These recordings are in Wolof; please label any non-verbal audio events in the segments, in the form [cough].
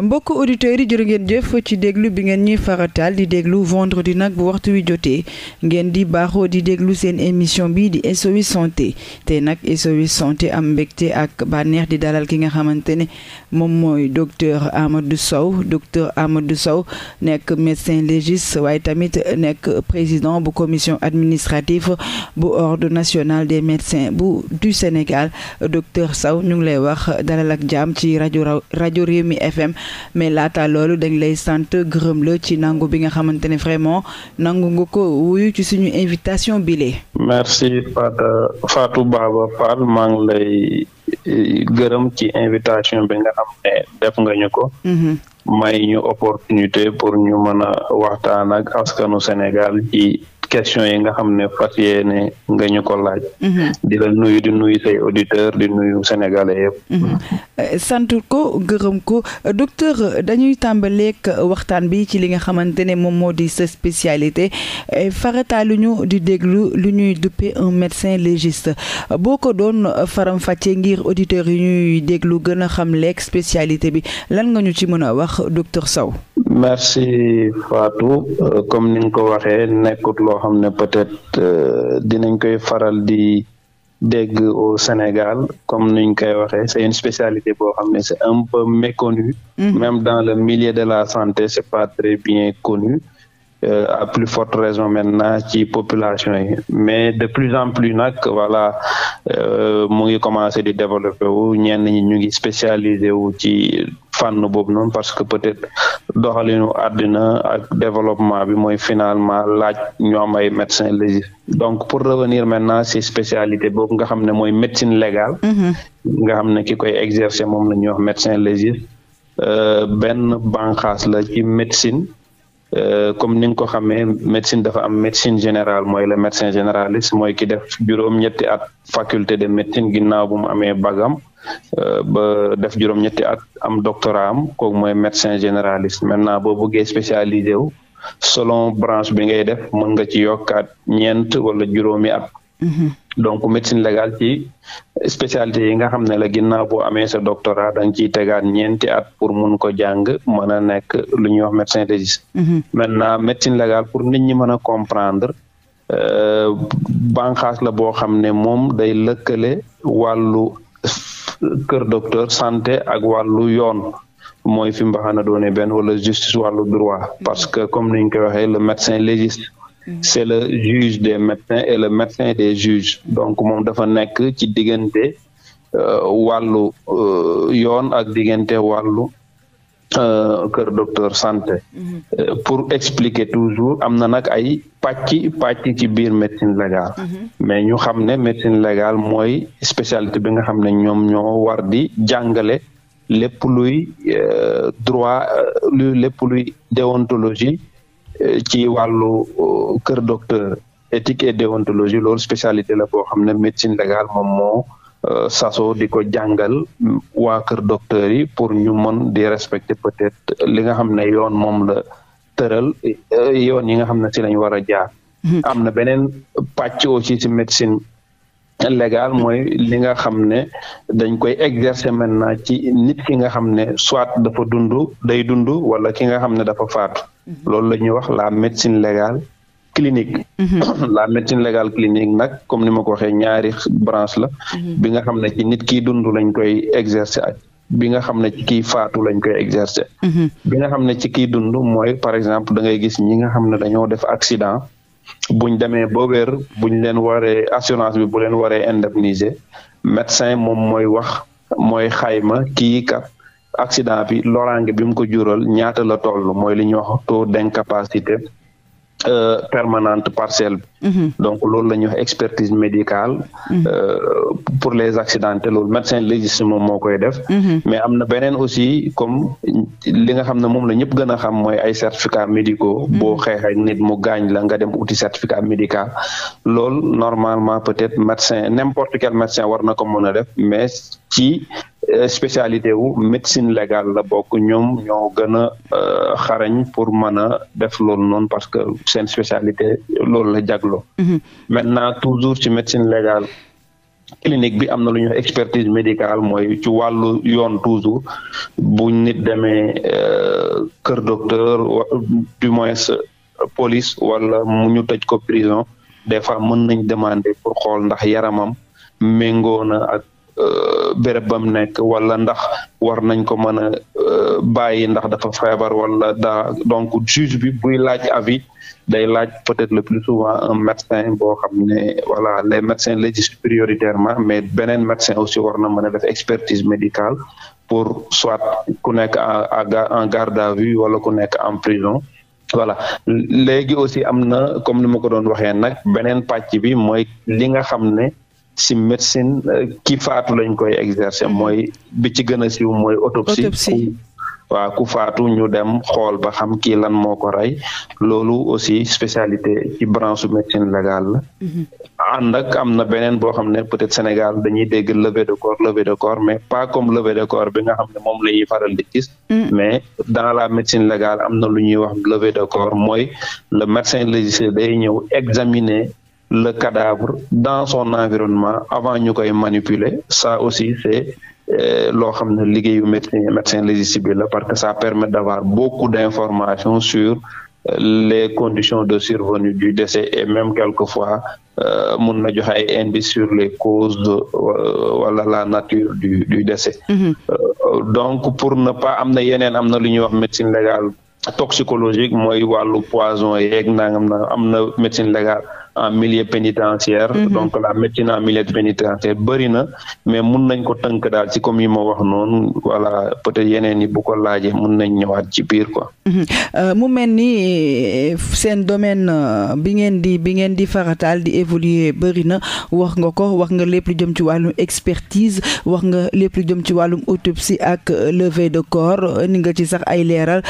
mbokk auditeurs yi jërë ngeen jëf ci déglu bi ngeen ñuy farataal di déglu vendredi nag bu waxtu wi jotee ngeen di baaxoo di déglu seen émission bi di SOS santé te nag SOS santé am mbégte ak bànneex di dalal ki nga xamante ne moom mooy docteur Amadou Sow docteur Amadou Sow nekk médecin légiste waaye tamit nekk président bu commission administrative bu ordre national des médecins bu du Sénégal docteur Sow ñu ngi lay wax dalal ak jàmm ci rajo rajo Rewmi FM. mais laata loolu dañ lay sant gërëm la ci nangu bi nga xamante ne vraiment nangu nga ko wuyu ci suñu invitation bile. merci Fatou Fatou Baba Fall maa lay eh, gërëm ci invitation bi nga xam ne def nga ñu ko. Mm-hmm. opportunité pour ñu mën a waxtaan ak Sénégal ci question yi nga xam ne fas yéene nga ñu ko laaj. Mm-hmm. di la nuyu di nuyu say auditeurs di nuyu sénégalais yëpp. Mm-hmm. Eh, sant ko gërëm ko docteur dañuy tàmbaleek waxtaan bi ci li nga xamante ne moom moo di sa spécialité eh, farataalu ñu di déglu lu ñuy duppe un médecin légiste boo ko doon faram-fàccee ngir auditeurs yi ñuy déglu gëna xam leeg spécialité bi lan nga ñu ci mën a wax docteur saw merci Fatou euh, comme ni nga ko waxee nekkut loo xam ne peut-être euh, dinañ koy faral di dégg au Sénégal comme niñ koy waxee c'est une spécialité boo xam ne c'est un peu méconnue. Mm-hmm. même dans le milieu de la santé c'est pas très bien connu. Euh, à plus forte raison maintenant ci population yi mais de plus en plus nag voilà euh, mu ngi commencé di développer wu ñenn ñi ñu ngi spécialisé wu ci fànn boobu noonu parce que peut-être doxalinu àddina ak développement bi mooy finalement laaj ñu ay médecin légiste donc pour revenir maintenant ci spécialité boobu nga xam ne mooy médecine légale mm-hmm. nga xam ne ki koy exercer moom la ñuy wax médecin légiste euh, benn banqaas la ci médecine Euh, comme ni nga ko xamee médecine dafa am médecine général mooy le médecin généraliste mooy ki def juróom-ñetti at faculté de médecine ginnaaw bu mu amee bagam euh, ba def juróom-ñetti at am doctorat am kooku mooy médecin généraliste maintenant boo bëggee spécialisé wu solon branche bi ngay def mën nga ci yokkaat ñeent wala juróomi at. Mm-hmm. donc médecine légale ci spécialité yi nga xam ne la ginnaaw boo amee sa doctorat da nga ciy tegaat ñeenti at pour mun ko jàng mën a nekk lu ñuy wax médecin légiste. Mhm. maintenant médecine légale pour nit ñi mën a comprendre euh, banqaas la boo xam ne moom day lëkkale wàllu kër docteur santé ak wàllu yoon. mooy fi mbaxana doone benn wala justice wàllu droit parce que comme ni ñu koy waxee le médecin légiste. Mm-hmm. c'est le juge des médecins et le médecin des juges donc moom dafa nekk ci diggante euh, wàllu euh, yoon ak diggante wàllu euh, kër docteur santé mm-hmm. pour expliquer toujours am na nag ay pàcc pàcc ci biir médecine légale mm-hmm. mais ñu xam ne médecine légale mooy spécialité bi nga xam ne ñoom ñoo war di jàngale lépp luy droit lépp luy déontologie ci wàllu euh, kër docteur éthique et déontologie loolu spécialité la boo xam ne médecine légale moom moo euh, saso di ko jàngal waa kër docteur yi pour ñu mën di respecter peut-être li nga xam ne yoon moom la tëral euh, yoon yi nga xam ne si lañ war a jaar hmm. am na beneen pàcc aussi si médecine légal mooy li nga xam ne dañ koy exercer maintenant ci nit ki nga xam ne soit dafa dund day dund wala ki nga xam ne dafa faat mhm. loolu la ñuy wax la médecine légale clinique mhm. [coughs] la médecine légal clinique nag comme ni ma ko waxee ñaari branche la mhm. bi nga xam ne ci nit kiy dund lañ koy exercer ak bi nga xam ne ci kiy faatu lañ koy exercer bi nga xam ne ci kiy dund mooy par exemple da ngay gis ñi nga xam ne dañoo def accident buñ demee ba wér buñ leen waree assurance bi bu leen waree indemniser médecin moom mooy wax mooy xayma kii kat accident bi loraange bi mu ko jural ñaata la tool mooy li ñuy wax taux d'incapacité Euh, permanente parcelle bi. Mm-hmm. donc loolu la ñuy wax expertise médicale. Mm-hmm. Euh, pour les accidentés loolu médecin légiste moom moo koy def. Mm-hmm. mais am na aussi comme li nga xam ne moom la ñëpp gën a xam mooy ay certificats médicaux. boo xeex nit mu gaañ la nga dem uti certificat médical loolu normalement peut-être médecin n'importe quel médecin war na ko mën a def mais ci. Euh, spécialité wu médecine légale la bokk ñoom ñoo gën a euh, xarañ pour mën a def loolu noon parce que seen spécialité loolu la jagloo. Mhm. maintenant toujours ci médecine légale clinique bi am na lu ñuy wax expertise médicale mooy ci wàllu yoon toujours bu nit demee euh, kër docteur du moins police wala mu ñu tëj ko prison des fois mën nañ demander pour xool ndax yaramam méngoo na Euh, béréb ba mu nekk wala ndax war nañ ko mën a euh, bàyyi ndax dafa feebar wala daa donc juge bi buy laaj avis day laaj peut-être le plus souvent un médecin boo xam ne voilà les médecins légisent prioritairement mais beneen médecin aussi war na mën a def expertise médicale pour soit ku nekk en garde à vue wala ku nekk en prison voilà léegi aussi am na comme ni ma ko doon waxee nag beneen pàcc bi mooy li nga xam ne si médecine euh, ki faatu lañ koy exercer mhm. mooy bi ci gën a siiw mooy autopsie waaw ku faatu ñu dem xool ba xam kii lan moo ko rey loolu aussi spécialité ci branche médecine légale la mhm. ànd ak am na beneen boo xam ne peut-être Sénégal dañuy dégg levée de corps levée de corps mais pas comme levée de corps bi nga xam ne moom la faral di gis mm. mais dans la médecine légale am na lu ñuy wax levée de corps mooy le médecin légiste day ñëw examiner le cadavre dans son environnement avant ñu koy manipuler ça aussi c'est euh, loo xam ne liggéeyu médecin médecin légiste bi la parce que ça permet d'avoir beaucoup d'informations sur euh, les conditions de survenue du décès et même quelquefois euh, mun na joxe ay indices sur les causes de wala la nature du du décès. Mm-hmm. donc pour ne pas am na yeneen am na lu ñu wax médecine légale toxicologique mooy wàllu poison yeeg nangam na am na médecine légale. en milieu pénitentiaire mm-hmm. donc la médecine en milieu pénitentiaire bëri na mais mun nañ ko tënk daal ci comme yi ma wax noonu voilà peut-être yeneen yi bu ko laajee mun nañ ñëwaat ci biir quoi mm-hmm. euh, mu mel ni euh, seen domaine euh, bi ngeen di bi ngeen di farataal di évoluer bëri na wax nga ko wax nga lépp lu jëm ci wàllum expertise wax nga lépp lu jëm ci wàllum autopsie ak levée de corps ni nga ci sax ay leeral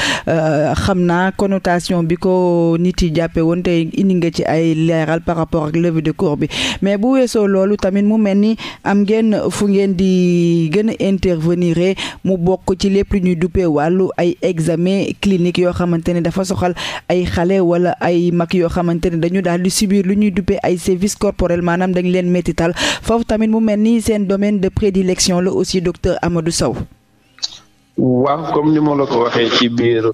xam naa connotation bi ko nit yi jàppe woon tey indi nga ci ay leeral Sénégal par rapport ak levée de corps bi mais bu weesoo loolu tamit mu mel ni am ngeen fu ngeen di gën a intervenir mu bokk ci lépp lu ñuy duppee wàllu ay examen clinique yoo xamante ne dafa soxal ay xale wala ay mag yoo xamante ne dañu daal di subir lu ñuy duppee ay sévices corporels maanaam dañ leen métital foofu tamit mu mel ni seen domaine de prédilection la aussi docteur Amadou Sow la ko waxee ci biir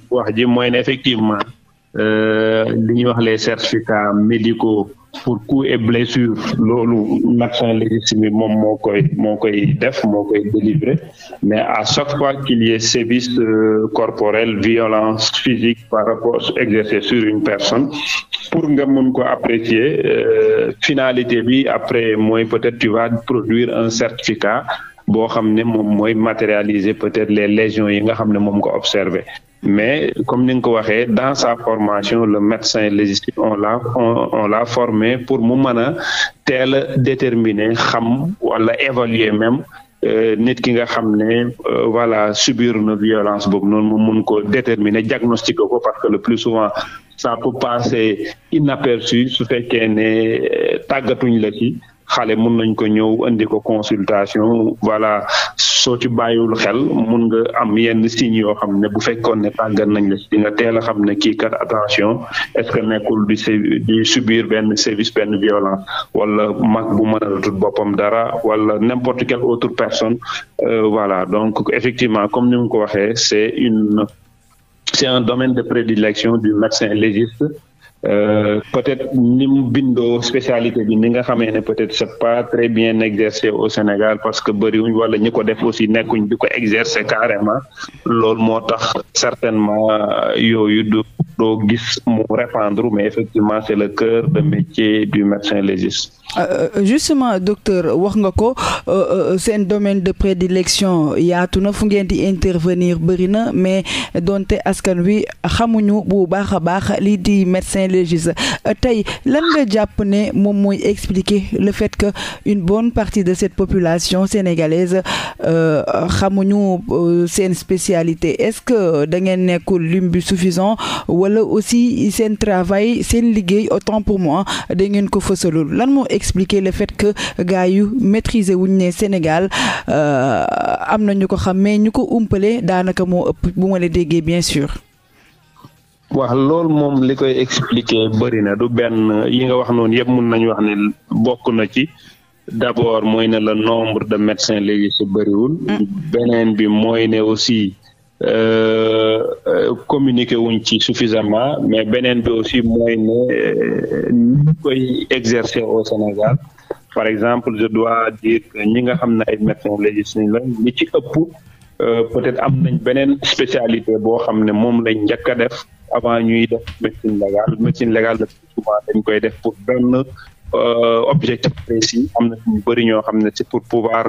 Euh, li ñuy wax les certificats médicaux pour kou et blessures loolu médecin légitime bi moom moo koy moo koy def moo koy délivrer mais à chaque fois qu'il y ait sévice euh, corporel violence physique par rapport exercée sur une personne pour nga mun ko apprécier euh, finalité bi après mooy peut-être tu vas produire un certificat boo xam ne moom mooy matérialiser peut-être les légions yi nga xam ne moom nga observé mais comme ni nga ko waxee dans sa formation le médecin légiste on l'a on, on l'a formé pour mu mën a teel a déterminer xam wala évaluer même euh, nit ki nga xam ne euh, voilà subir na violence boobu noonu mu mun ko déterminer diagnostiquer ko parce que le plus souvent ça peut passer inaperçu su fekkee ne euh, tàggatuñ la ci xale mun nañ ko ñëw indi ko consultation voilà soo ci bàyyiwul xel mun nga am yenn signes yoo xam ne bu fekkoon ne tàggat nañ la di nga teel a xam ne kii kat attention est-ce que nekkul di di subir benn service benn violence wala mag bu mën a tut boppam dara wala n'importe quelle autre personne euh, voilà donc effectivement comme ni nga ko waxee c'est une c'est un domaine de prédilection du médecin légiste Euh, peut-être ni bindoo spécialité bi ni nga xamee ne peut-être c'est pas très bien exercé au Sénégal parce que bëriwuñ wala ñi ko def aussi nekkuñ di ko exercer carrément lool moo tax certainement euh, yooyu du doo gis mu répandre mais effectivement c'est le cœur de métier du médecin légiste. Euh, justement docteur wax nga ko seen domaine de prédilection yaatu na fu ngeen di intervenir bëri na mais donte askan wi xamuñu bu baax a baax lii di légiste euh, tey lan nga jàpp ne moom mooy expliquer le fait que une bonne partie de cette population sénégalaise euh, xamuñu euh, seen spécialité est-ce que da ngeen nekkul lim bi suffisant wala aussi seen travail seen liggéey autant pour moi da ngeen ko fësalul lan moo expliquer le fait que gars yu maîtriser wuñ ne Sénégal am na ñu ko xam mais ñu ko umpale daanaka moo ëpp bu ma la déggee bien sûr wax loolu moom li koy expliquer bëri na du benn yi nga wax noonu yëpp mun nañu wax ne bokk na ci d'abord mooy ne la nombre de médecins léegi su bëriwul. Mm. beneen bi mooy ne aussi euh, euh, communiquer wuñ ci suffisamment mais beneen bi aussi mooy ne euh, ñu koy exercer au Sénégal par exemple je dois dire que ñi nga xam ne ay médecins léegi si lañ li ci ëpp. Euh, peut-être am nañ beneen spécialité boo xam ne moom lañ njëkk a def avant ñuy def médecine légale médecine légale la koy def pour benn euh, objectif précis am na ñu bëri ñoo xam ne pour pouvoir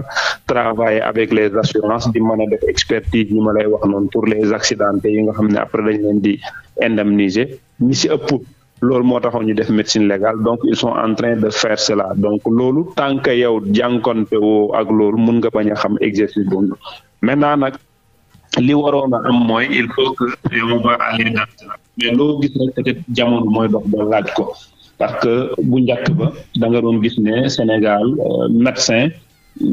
travailler avec les assurances di mën a def expertise ñu ma lay wax noonu pour les accidentés yi nga xam ne après dañ leen di indemniser ñi si ëpp loolu moo taxoon ñu def médecine légale donc ils sont en train de faire cela donc loolu tant que yow jànkonte woo ak loolu mun nga bañ a xam exercice boobu maintenant nag li waroon a am mooy il faut que yow ba aller dans la mais loo gis rek peut jamono mooy dox ba laaj ko parce que bu njakk ba da nga doon gis ne Sénégal euh, médecin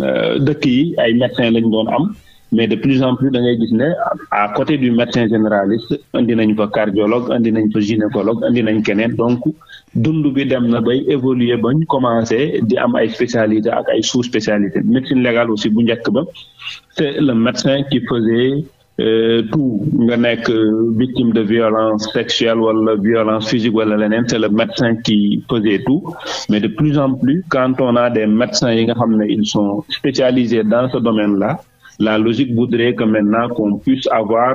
euh, dëkk yi ay médecin lañ doon am mais de plus en plus da ngay gis ne à côté du médecin généraliste indi nañ fa cardiologue indi nañ fa gynécologue indi nañ keneen donc dund bi dem na bay évoluer bañ commencé di am ay spécialité ak ay sous spécialité médecine légale aussi bu njëkk ba c'est le médecin qui faisait Euh, tout nga nekk euh, victime de violence sexuelle wala violence physique wala leneen c'est le médecin qui faisait tout mais de plus en plus quand on des médecins yi nga xam ne ils sont spécialisés dans ce domaine la La logique voudrait que maintenant qu'on puisse avoir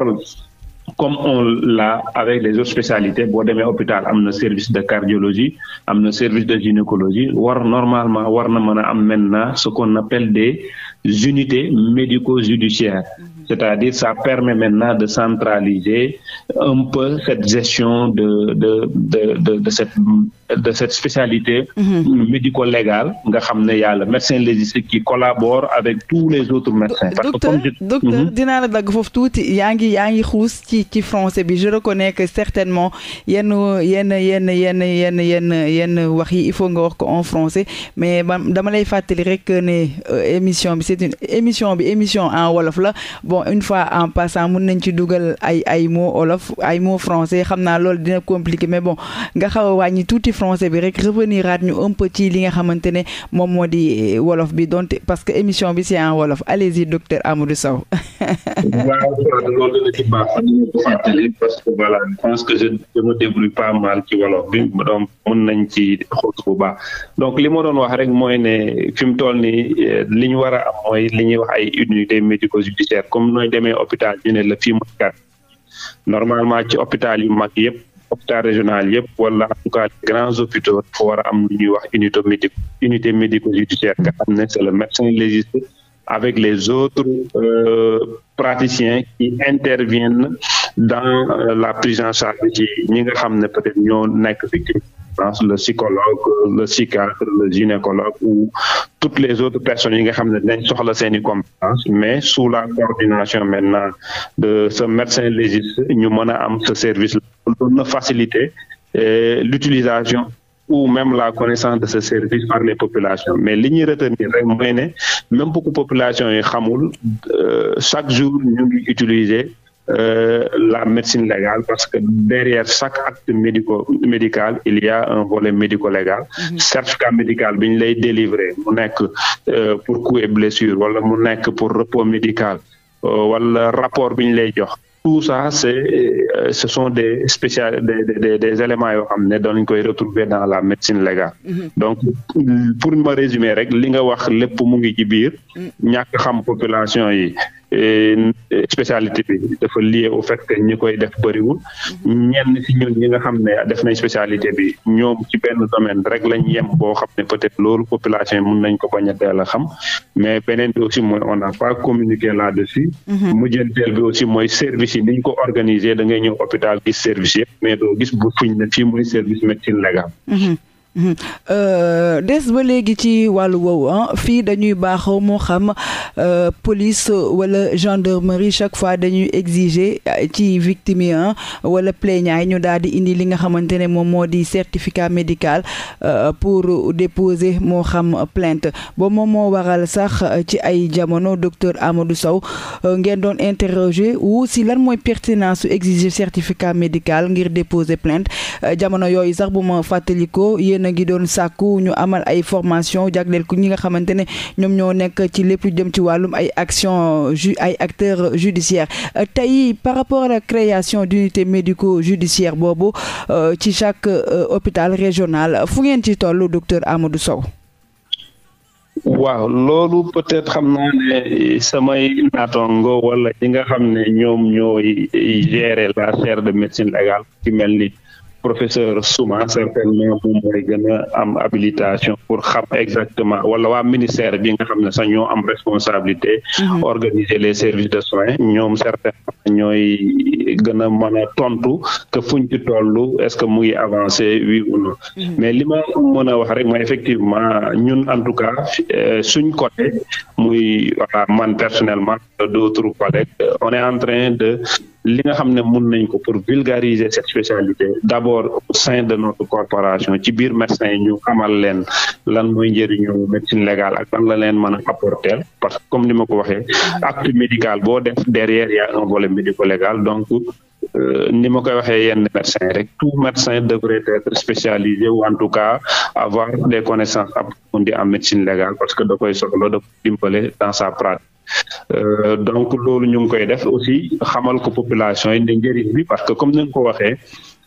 comme on l'a avec des autres spécialités boo demee hôpital am na service de cardiologie am na service de gynécologie war normalement war na mën a am maintenant ce qu'on appelle des unités médico-judiciaires C'est-à-dire, ça permet maintenant de centraliser un peu cette gestion de, de, de, de, de cette, de cette spécialité mm -hmm. médico-légale. Il y a le médecin légiste qui collabore avec tous les autres médecins. Parce docteur, que comme je... docteur, mhm. dina la dag fofu touti yaangi yaangi ci ci français bi je reconnais que certainement yenn yenn yenn yenn yenn yenn yenn wax yi il faut nga wax ko en français mais dama lay fàttali rek ne euh, émission bi c'est une émission bi émission en wolof la bon une fois en passant mun nañ ci dugal ay moo mots wolof ay moo français xam naa loolu dina compliqué mais bon nga xaw a wàññi tuuti français bi rek reveniraat ñu un peu ci li nga xamante ne moom moo di eh, wolof bi dont parce que émission bi c'est en wolof allez-y docteur Amadou Sow. [laughs] waaw loolu dina ci baax parce que je pense que pas mal ci wolof bi donc mun nañ ci xóot bu baax donc li ma doon wax rek mooy ne fi mu toll nii eh, li ñu war a am mooy li ñuy wax ay unités médico-judiciaires comme nooy demee hôpital ñu la fii normalement ci hôpital yu mag yëpp hôpital régional yëpp wala en tout cas les grands hôpitaux dafa war a am lu ñuy wax unité médico unité médico judiciaire nga xam ne c'est le médecin légiste avec les autres euh, praticiens qui interviennent dans euh, la prise en charge ci ñi nga xam ne peut-être ñoo nekk victime France le psychologue le psychiatre le gynécologue ou toutes les autres personnes yi nga xam ne dañ soxla seeni i compétence mais su la coordination maintenant de ce médecin légiste ñu mën a am ce service la doon na faciliter euh, l'utilisation ou même la connaissance de ce service par les populations mais li ñuy retenir rek mooy ne même beaucoup population yi xamul euh, chaque jour ñu ngi utiliser euh, la médecine légale parce que derrière chaque acte médico médical il y a un volet médico-légal mm -hmm. certificat médical bi ñu lay délivrer mu nekk euh, pour coup et blessure wala mu nekk pour repos médicale euh, wala rapport bi ñu lay jox tout ça c'est euh, ce sont des spécial des des des éléments yoo xam ne dañ koy retrouver dans la médecine légale mhm. donc pour ma résumer rek li nga wax lépp mu ngi ci biir mhm. ñàkk xam population yi Euh, spécialité bi dafa lié au fait que ñi koy def bëriwul ñenn ci ñun ñi nga xam ne def nañ spécialité bi ñoom ci benn domaine rek lañ yem boo xam ne peut loolu population yi mun nañ ko bañ a teel a xam mais beneen bi aussi mooy on a pas communiqué là-dessus mhm. mujjanteel bi aussi mooy service yi niñ ko organiser da ngay ñëw hôpital gis service yëpp mais doo gis bu fuñ ne fii mooy service médecine légale mhm. Mhm. Euh, des ba léegi ci wàllu woowu ah, fii dañuy baaxoo moo xam euh, police wala gendarmerie chaque fois dañuy exiger euh, ci victime yi ah, wala plaignant yi ñu daal di indi li nga xamante ne moom moo di certificat médical pour déposer moo xam plainte ba moom moo waral sax ci ay jamono docteur Amadou Sow ngeen doon interroger wu si lan mooy pertinance su exiger certificat médical ngir déposer plainte jamono yooyu sax bu ma fàttalikoo yéen a doon sàkku ñu amal ay formation jagleel ku ñi nga xamante ne ñoom ñoo nekk ci lépp lu jëm ci wàllum ay action ju ay acteurs judiciaires euh, tey par rapport à la création d'unités médico-judiciaires boobu euh, ci chaque euh, hôpital régional fu ngeen ci toll docteur Amadou Sow waaw loolu peut-être xam naa ne samay naatongo wala ñi nga xam ne ñoom ñooy gérer la chaire de médecine légale ci mel ni professeur Souma certainement moom mooy gën a am habilitation pour xam exactement wala waa ministère bi nga xam ne sax ñoo am responsabilité mhm. organiser les services de soins ñoom certainement ñooy gën a mën a tontu que fuñ ci toll est-ce que muy avancer avancé oui mhm. mais li ma mën a wax rek mooy effectivement ñun en tout cas euh, suñ côté muy voilà man personnellement d'autres collègues on est en train de li nga xam ne mun nañ ko pour vulgariser cette spécialité d' abord au sein de notre corporation ci biir médecin yi ñu xamal leen lan moy njëriñu médecine légale ak lan la leen mën a apporter parce que comme ni ma ko waxee acte médical boo def derrière y a un volet médico légal donc euh, ni ma koy waxee yenn médecin rek tout médecin devrait être spécialisé ou en tout cas avoir des connaissances approfondies en médecine légale parce que da koy soxla da koy dimbale dans sa pratique Euh, donc loolu ñu ngi koy def aussi xamal ko population yi ne bi parce que comme ni nga ko waxee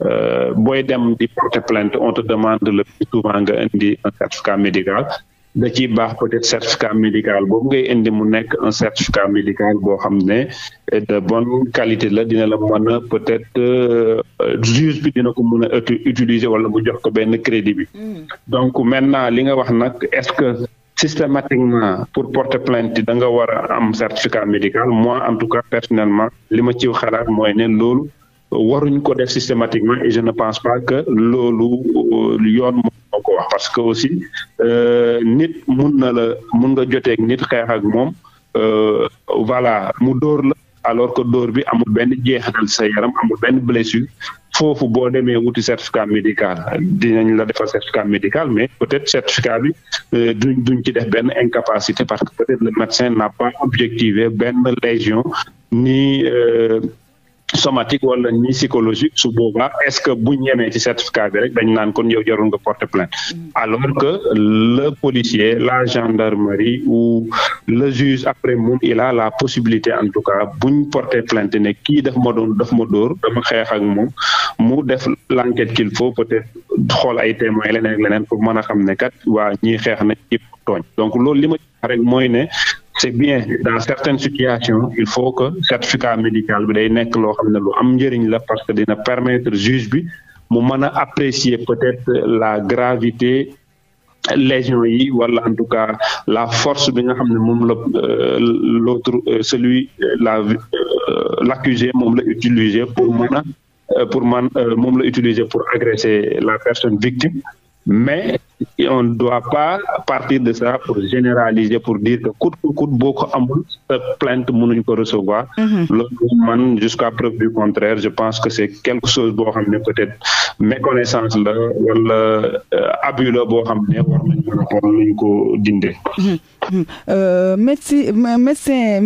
euh, booy dem di porter plainte on te demande le plus souvent nga indi un certificat médical da ciy baax peut-être certificat médical boobu ngay indi mu nekk un certificat médical boo xam ne de bonne qualité la dina la mën peut-être euh, juge bi dina ko mun a utiliser wala mu jox ko benn crédit bi hmm. donc maintenant li nga wax nag est-ce que systématiquement pour porter plainte da nga war am certificat médical moi en tout cas personnellement li ma ci xalaat mooy ne loolu waruñ ko def systématiquement et je ne pense pas que loolu euh, yoon moo ko wax parce que aussi euh, nit mun na la mun nga joteeg nit xeex ak moom euh, voilà mu dóor la alors que dóor bi amul benn jeexatal sa yaram amul benn blessure foofu boo demee wuti certificat médical dinañ la defal certificat médical mais peut-être certificat bi euh, duñ duñ ci def benn incapacité parce que peut-être le médecin n'a pas objectivé benn lésion ni. Euh, somatique wala ñi psychologique su est-ce que bu ñemee ci certificat rek dañ naan kon yow jarul nga porter plainte mm. alors que le policier la gendarmerie ou le juge après moom il la la possibilité en tout cas buñ porter plainte ne kii daf ma doon daf ma dóor dama xeex ak moom mu def l'enquête qu'il faut peut-être xool ay témoins leneen leneen pour mën a xam ne kat waa ñii xeex na ci tooñ donc loolu li ma rek mooy ne c'est bien dans certaines situations il faut que certificat médical bi day nekk loo xam ne lu am njëriñ la parce que dina permettre juge bi mu mën a apprécier peut-être la gravité lésion yi wala en tout cas la force bi nga xam ne moom la euh, l'autre euh, celui euh, la l'accusé moom la utiliser pour mën a pour man moom la utiliser pour agresser la personne victime mais on ne doit pas partir de ça pour généraliser pour dire que coûte que coûte boo ko amul sa plainte mënuñ ko recevoir. Mhm. loolu man jusqu'à preuve du contraire je pense que c'est quelque chose boo xam ne peut-être méconnaissance la wala euh, abus la boo xam ne war ko dindee. Mhm. [laughs] Euh, médecin médecin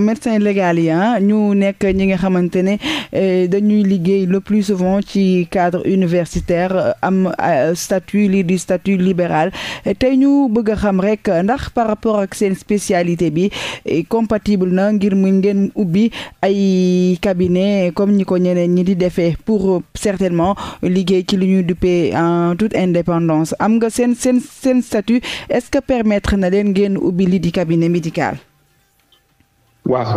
médecin légal yi ah, ñu nekk ñi nga xamante ne eh, dañuy liggéey le plus souvent ci cadre universitaire am euh, statut lii di statut libéral tey ñu bëgg xam rek ndax par rapport ak seen spécialité bi eh, compatible na ngir mu ngeen ubbi ay cabinet comme ni ko ñeneen ñi di defee pour certainement liggéey ci li ñuy duppee en toute indépendance am nga seen seen seen statut est-ce que permettre na leen ngeen ngeen ubbi li di cabinet médical. waaw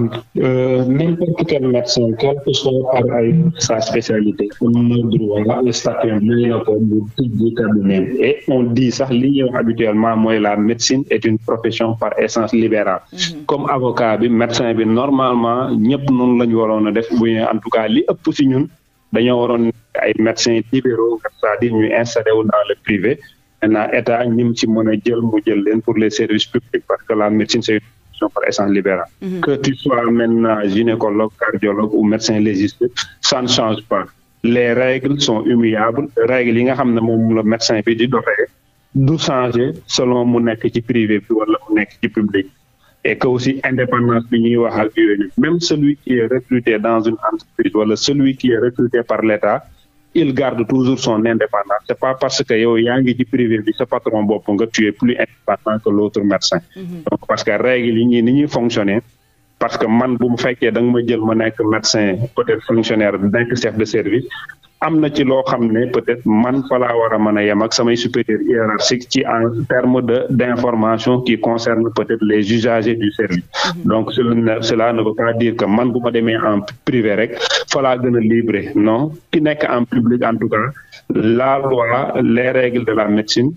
n'importe euh, quel médecin quel que soit par ay sa spécialité am na droit le statut may na ko bu tijji cabinet et on dit sax li ñuy habituellement mooy la médecine est une profession par essence libérale mhm. comme avocat bi médecin bi normalement ñëpp noonu la ñu waroon a def bu ñu en tout cas li ëpp si ñun dañoo waroon ay médecins libéraux c'est-à-dire ñu installé wu dans le privé maintenant état ñim ci mën a jël mu jël leen pour les services publics parce que la médecine c'est une profession par essence libérale mm -hmm. que tu sois maintenant gynécologue cardiologue ou médecin légiste ça ne change pas les règles sont humiliables règles yi nga xam ne moom la médecin bi di doxee du changer selon mu nekk ci privé bi wala mu nekk ci public et que aussi indépendance bi ñuy wax ak yooyu même celui qui est recruté dans une entreprise wala celui qui est recruté il garde toujours son indépendance c'est pas parce que yow yaa ngi ci privé bi sa patron bopp nga tu plus indépendant que l'autre médecin mhm. parce que règle yi ñuy ni ñuy fonctionner parce que man bu mu fekkee ma jël ma nekk médecin peut-être fonctionnaire nekk chef de service am na ci loo xam ne peut-être man fa laa war a mën a yem ak samay supérieur hiérarchique ci en terme de information qui concerne peut les usagers du service mm-hmm. donc cela ne veut pas dire que man bu ma demee en privé rek fa laa gën a libre non ki nekk en public en tout cas laal loi les règles de la médecine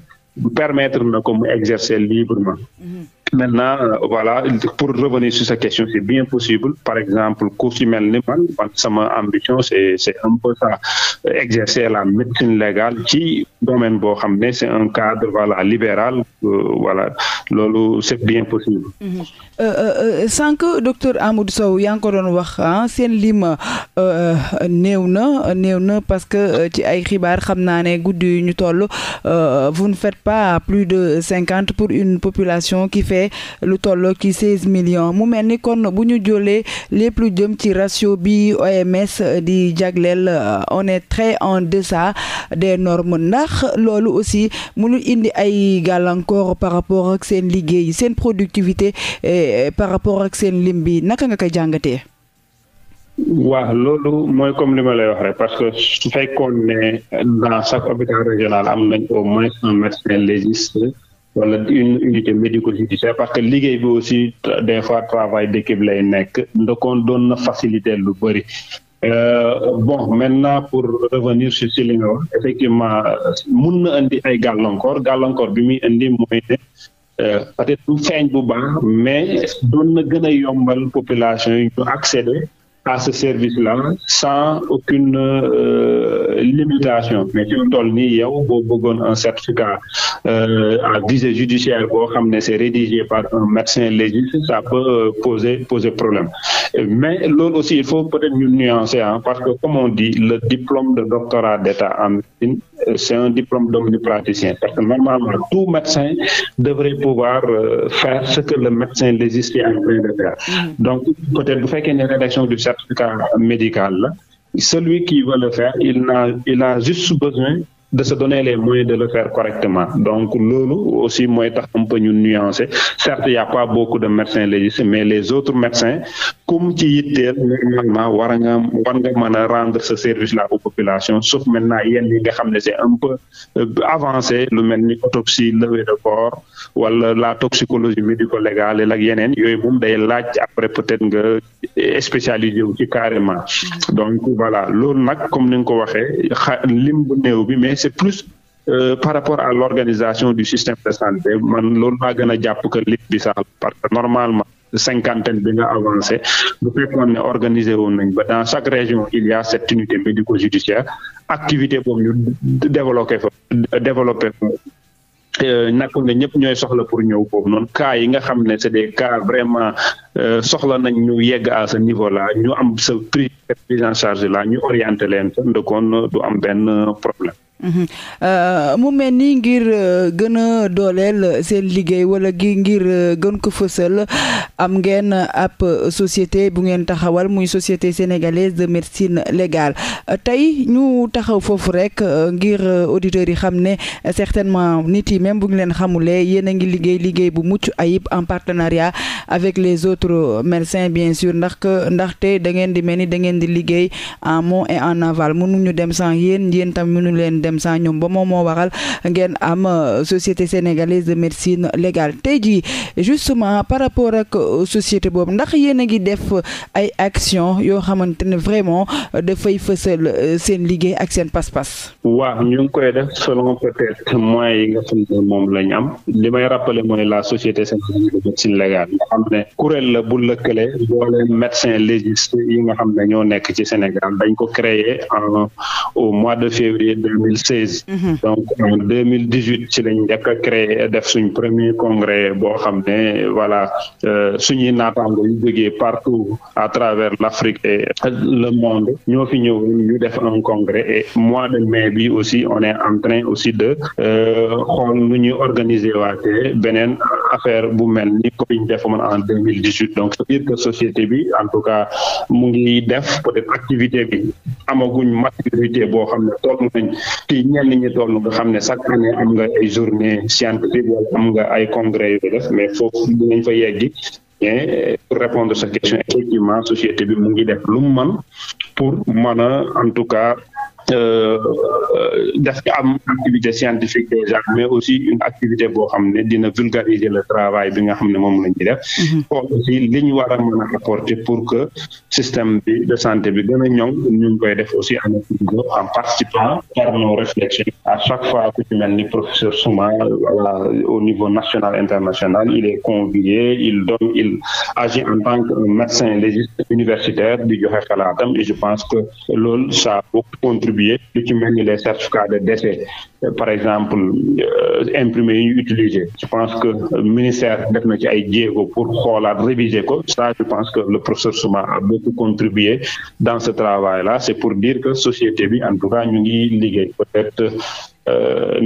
permettre na ko mu exercer librement mm-hmm. maintenant voilà pour revenir sur cette question c'est bien possible par exemple course yu mel ni man sama ambition c'est c'est exercer la médecine légale ci domaine boo xam ne c'est un cadre voilà libéral euh, voilà loolu c'est bien possible. Mm-hmm. Euh, euh, sànq docteur Amadou Sow yaa ngi ko doon wax ah, seen lim néew na néew na parce que ci ay xibaar xam naa ne guddi yu ñu vous ne faites pas plus de cinquante pour une population qui fait joxe lu tolloo ci seize millions mu mel ni kon bu ñu jëlee lépp lu jëm ci ratio bi OMS di jagleel euh, on est très en deçà des normes ndax loolu aussi mënul indi ay gàllankoor par rapport ak seen liggéey seen productivité par rapport ak seen lim bi naka nga koy jàngatee. waaw loolu mooy comme li ma lay wax rek parce que su fekkoon ne dans chaque hôpital régional am nañ au moins un médecin légiste wala une unité médico-judiciaire parce que liggéey bi aussi des fois travail d'équipe lay nekk ndekoon doon na faciliter lu bëri Euh, bon maintenant pour revenir sur si li nga wax effectivement mun na indi ay gàllankoor gàllankoor bi muy indi mooy ne euh, peut-être du feeñ bu baax mais doon na gën a yombal population yi ñu accéder à ce service-là sans aucune euh, limitation mais fi mu toll nii yow boo bëggoon un certificat euh, à visée judiciaire boo xam ne c'est rédigé par un médecin légiste ça peut euh, poser poser problème mais loolu aussi il faut peut-être ñu nuancer hein, parce que comme on dit le diplôme de doctorat d'État en c'est un diplôme d'omnipraticien. Parce que normalement, tout médecin devrait pouvoir euh, faire ce que le médecin légiste en train de faire. Mm-hmm. Donc, peut-être, vous faites une rédaction du certificat médical, là, celui qui veut le faire, il a, a juste besoin de se donner les moyens de le faire correctement donc loolu aussi mooy tax un peu ñu nuancer certes y a pas beaucoup de médecins légistes mais les autres médecins comme ci yitteel normalement war nga war a rendre sa service la aux populations sauf maintenant yenn yi nga xam ne c'est un peu euh, avancé lu mel ni autopsie levée de corps wala la toxicologie médico-légale ak yeneen yooyu moom day laaj après peut-être nga spécialisé wu ci carrément mm-hmm. donc voilà loolu nag comme c'est plus euh, par rapport à l'organisation du système de santé man loolu maa jàpp que lim bi sax parce que normalement cinquantaine bi nga avancé bu fekkoon ne organisé woon nañ ba dans chaque région il y a cette unité médico-judiciaire activité boobu ñu développé fa développé fa euh, nekkul ne ñëpp ñooy soxla pour ñëw foofu noon cas yi nga xam ne c'est des cas vraiment euh, soxla nañ ñu yegg à ce niveau là ñu am sa prise prise en charge là ñu orienté leen de kon du am benn problème Mhm. Euh, mu mel ni ngir euh, gën a dooleel seen liggéey wala gi ngir euh, gën ko fësal am ngeen ab société bu ngeen taxawal muy société sénégalaise de médecine légale tey ñu taxaw foofu rek ngir auditeurs yi xam ne certainement nit yi même bu ñu leen xamulee yéen a ngi liggéey liggéey bu mucc ayib en partenariat avec les autres médecins bien sûr ndax que ndaxte da ngeen di mel ni da ngeen di liggéey en amont et en aval ñu dem sant yéen yéen tam mënu leen dem sans ñoom ba moom moo waral ngeen am euh, société sénégalaise de médecine légale tey jii justement par rapport ak euh, société boobu ndax yéen a ngi def euh, ay action yoo xamante ne vraiment dafay fësal seen liggéey ak seen pas-pas. waaw ñu ngi koy def selon peut-être yi nga xam ne moom la ñu am li may rappeler la société sénégalaise de médecine légale nga la bu lëkkale boole médecin légiste yi nga xam ne ñoo nekk ci Sénégal dañ ko créer au mois de février 2016. Mhm. donc en 2018 ci lañ njëkk a créé def suñ premier congrès boo xam ne voilà euh, suñuy naataango yu jógee partout à travers l' Afrique et le monde ñoo fi ñëw ñu def un congrès et mois de mais bi aussi on est en train aussi de euh, xool nu ñuy organiser waatee beneen affaire bu mel ni ko ñu defoon en 2018 donc c'est dire que société bi en tout cas mu ngi def peut-être activité bi amaguñ maturité boo xam ne toog nañ fii ñenn ñi xam ne chaque année am nga ay journée scientifique wala am nga ay congrès yu def mais foofu dinañ fa yeggi mais pour répondre sa question effectivement société bi mu ngi def lu mu mën pour mën a en tout cas Euh, euh, daf ci am activité scientifique déjà mais aussi une activité boo xam ne dina vulgariser le travail bi nga xam ne moom na ñuy def. Mhm. xool aussi li ñu war a mën a apporter pour que système bi de santé bi gën a ñoŋ koy def aussi en en participant par nos réflexions à chaque fois ku ci mel ni professeur Souma voilà au niveau national international il est convié il donne il agit en tant que médecin légiste universitaire di joxe xalaatam je pense que loolu ça a beaucoup attribué lu ci mel le les de décès euh, par exemple euh, imprimé yi ñu utilisé je pense que euh, ministère def na ci ay jéego pour xoolaat réviser ko sa je pense que le professeur Souma a beaucoup contribué dans ce travail là c'est pour dire que société bi en tout cas ñu ngi liggéey peut-être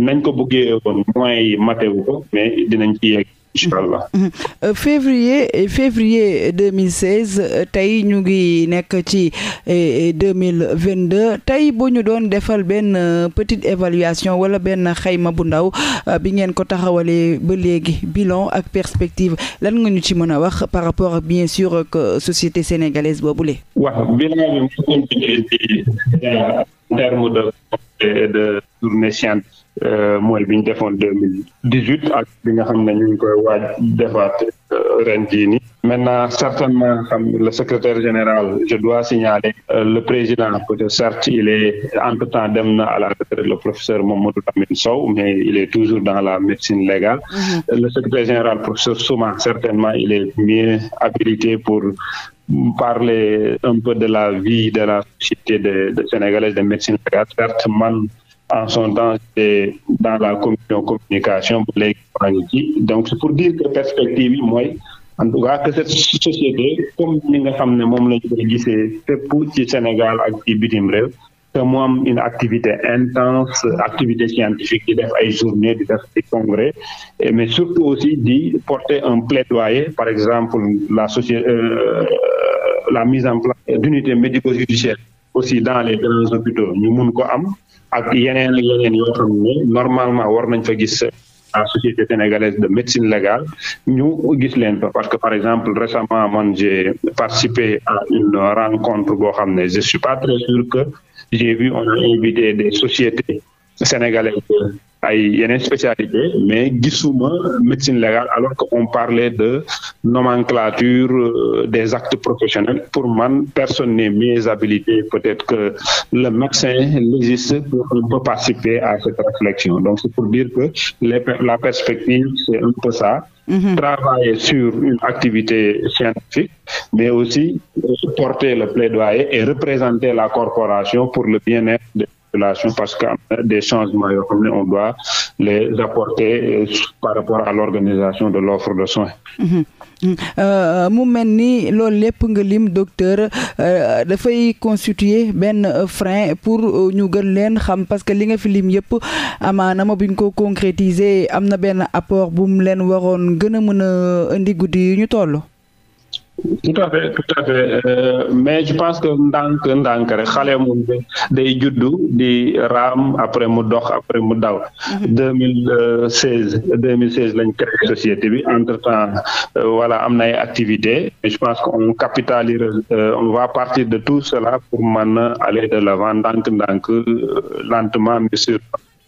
nañ ko bëggee woon moyens yi ko mais dinañ ci yegg incha allah. Euh, février euh, février 2016 euh, tey ñu ngi nekk ci 2022 tey bu ñu doon defal benn petite évaluation wala benn xayma bu ndaw bi ngeen ko taxawalee ba léegi bilan ak perspective lan nga ñu ci mën a wax par rapport ak bien sûr ak société sénégalaise boobule. waaw bilan bi mu continuer ci en terme de de tournée scientifique. Euh, mooy bi ñu defoon deux mille dix huit ak bi nga xam ne ñu ngi koy waaj defaat euh, ren jii nii. maintenant certainement comme le secrétaire général je dois signaler euh, le président peut-être certes il est entre-temps dem na à la retraite le professeur Mamadou Lamine Sow mais il est toujours dans la médecine légale mm -hmm. le secrétaire général professeur Souma certainement il est mieux habilité pour parler un peu de la vie de la société de, de sénégalaise de médecine légale certes man en son temps j'étais dans la commission communication bu léegi donc c'est pour dire que perspective yi mooy en tout cas que cette société comme ni nga xam ne moom la ñu koy gisee fépp ci Sénégal ak ci bitim réew te mu am une activité intense activité scientifique di def ay journée di def congrès mais surtout aussi di porter un plaidoyer par exemple la société euh, la mise en place d'unités médico-judiciaires aussi dans les grands hôpitaux ñu mun ko am ak yeneen ak yeneen yoo normalement war nañ fa gis euh, la société sénégalaise de médecine légale ñu gis leen fa parce que par exemple récemment man j'ai participé à une rencontre boo xam ne je suis pas très sûr que j'ai vu on a invité des sociétés sénégalaises ay yeneen spécialité mais gisuma médecine légale alors que on parlait de nomenclature euh, des actes professionnels pour man personne n'est mieux habilité peut-être que le médecin légiste pour un peu participer à cette réflexion donc c'est pour dire que la perspective c'est un peu ça mhm. travailler sur une activité scientifique, mais aussi porter le plaidoyer et représenter la corporation pour le bien-être population parce que am na des changements yoo xam ne on doit les apporter euh, par rapport à l'organisation de l'offre de soins. Mhm. Mhm. Euh, mu mel ni lool lépp nga lim docteur euh, dafay constituer benn frein pour ñu gën leen xam parce que li nga fi lim yëpp amaana ma buñ ko concrétiser am na benn apport bu mu leen waroon gën a mën a indi guddi ñu toll. tout à fait tout à fait euh, mais je pense que ndànk ndànk rek xale moom day juddu di raam après mu dox après mu daw. Mhm. deux mille euh, seize deux mille seize lañ créé société bi entre wala euh, voilà am na ay activités je pense que on capitalise euh, on va partir de tout cela pour mën a aller de l'avant ndànk ndànk lentement mais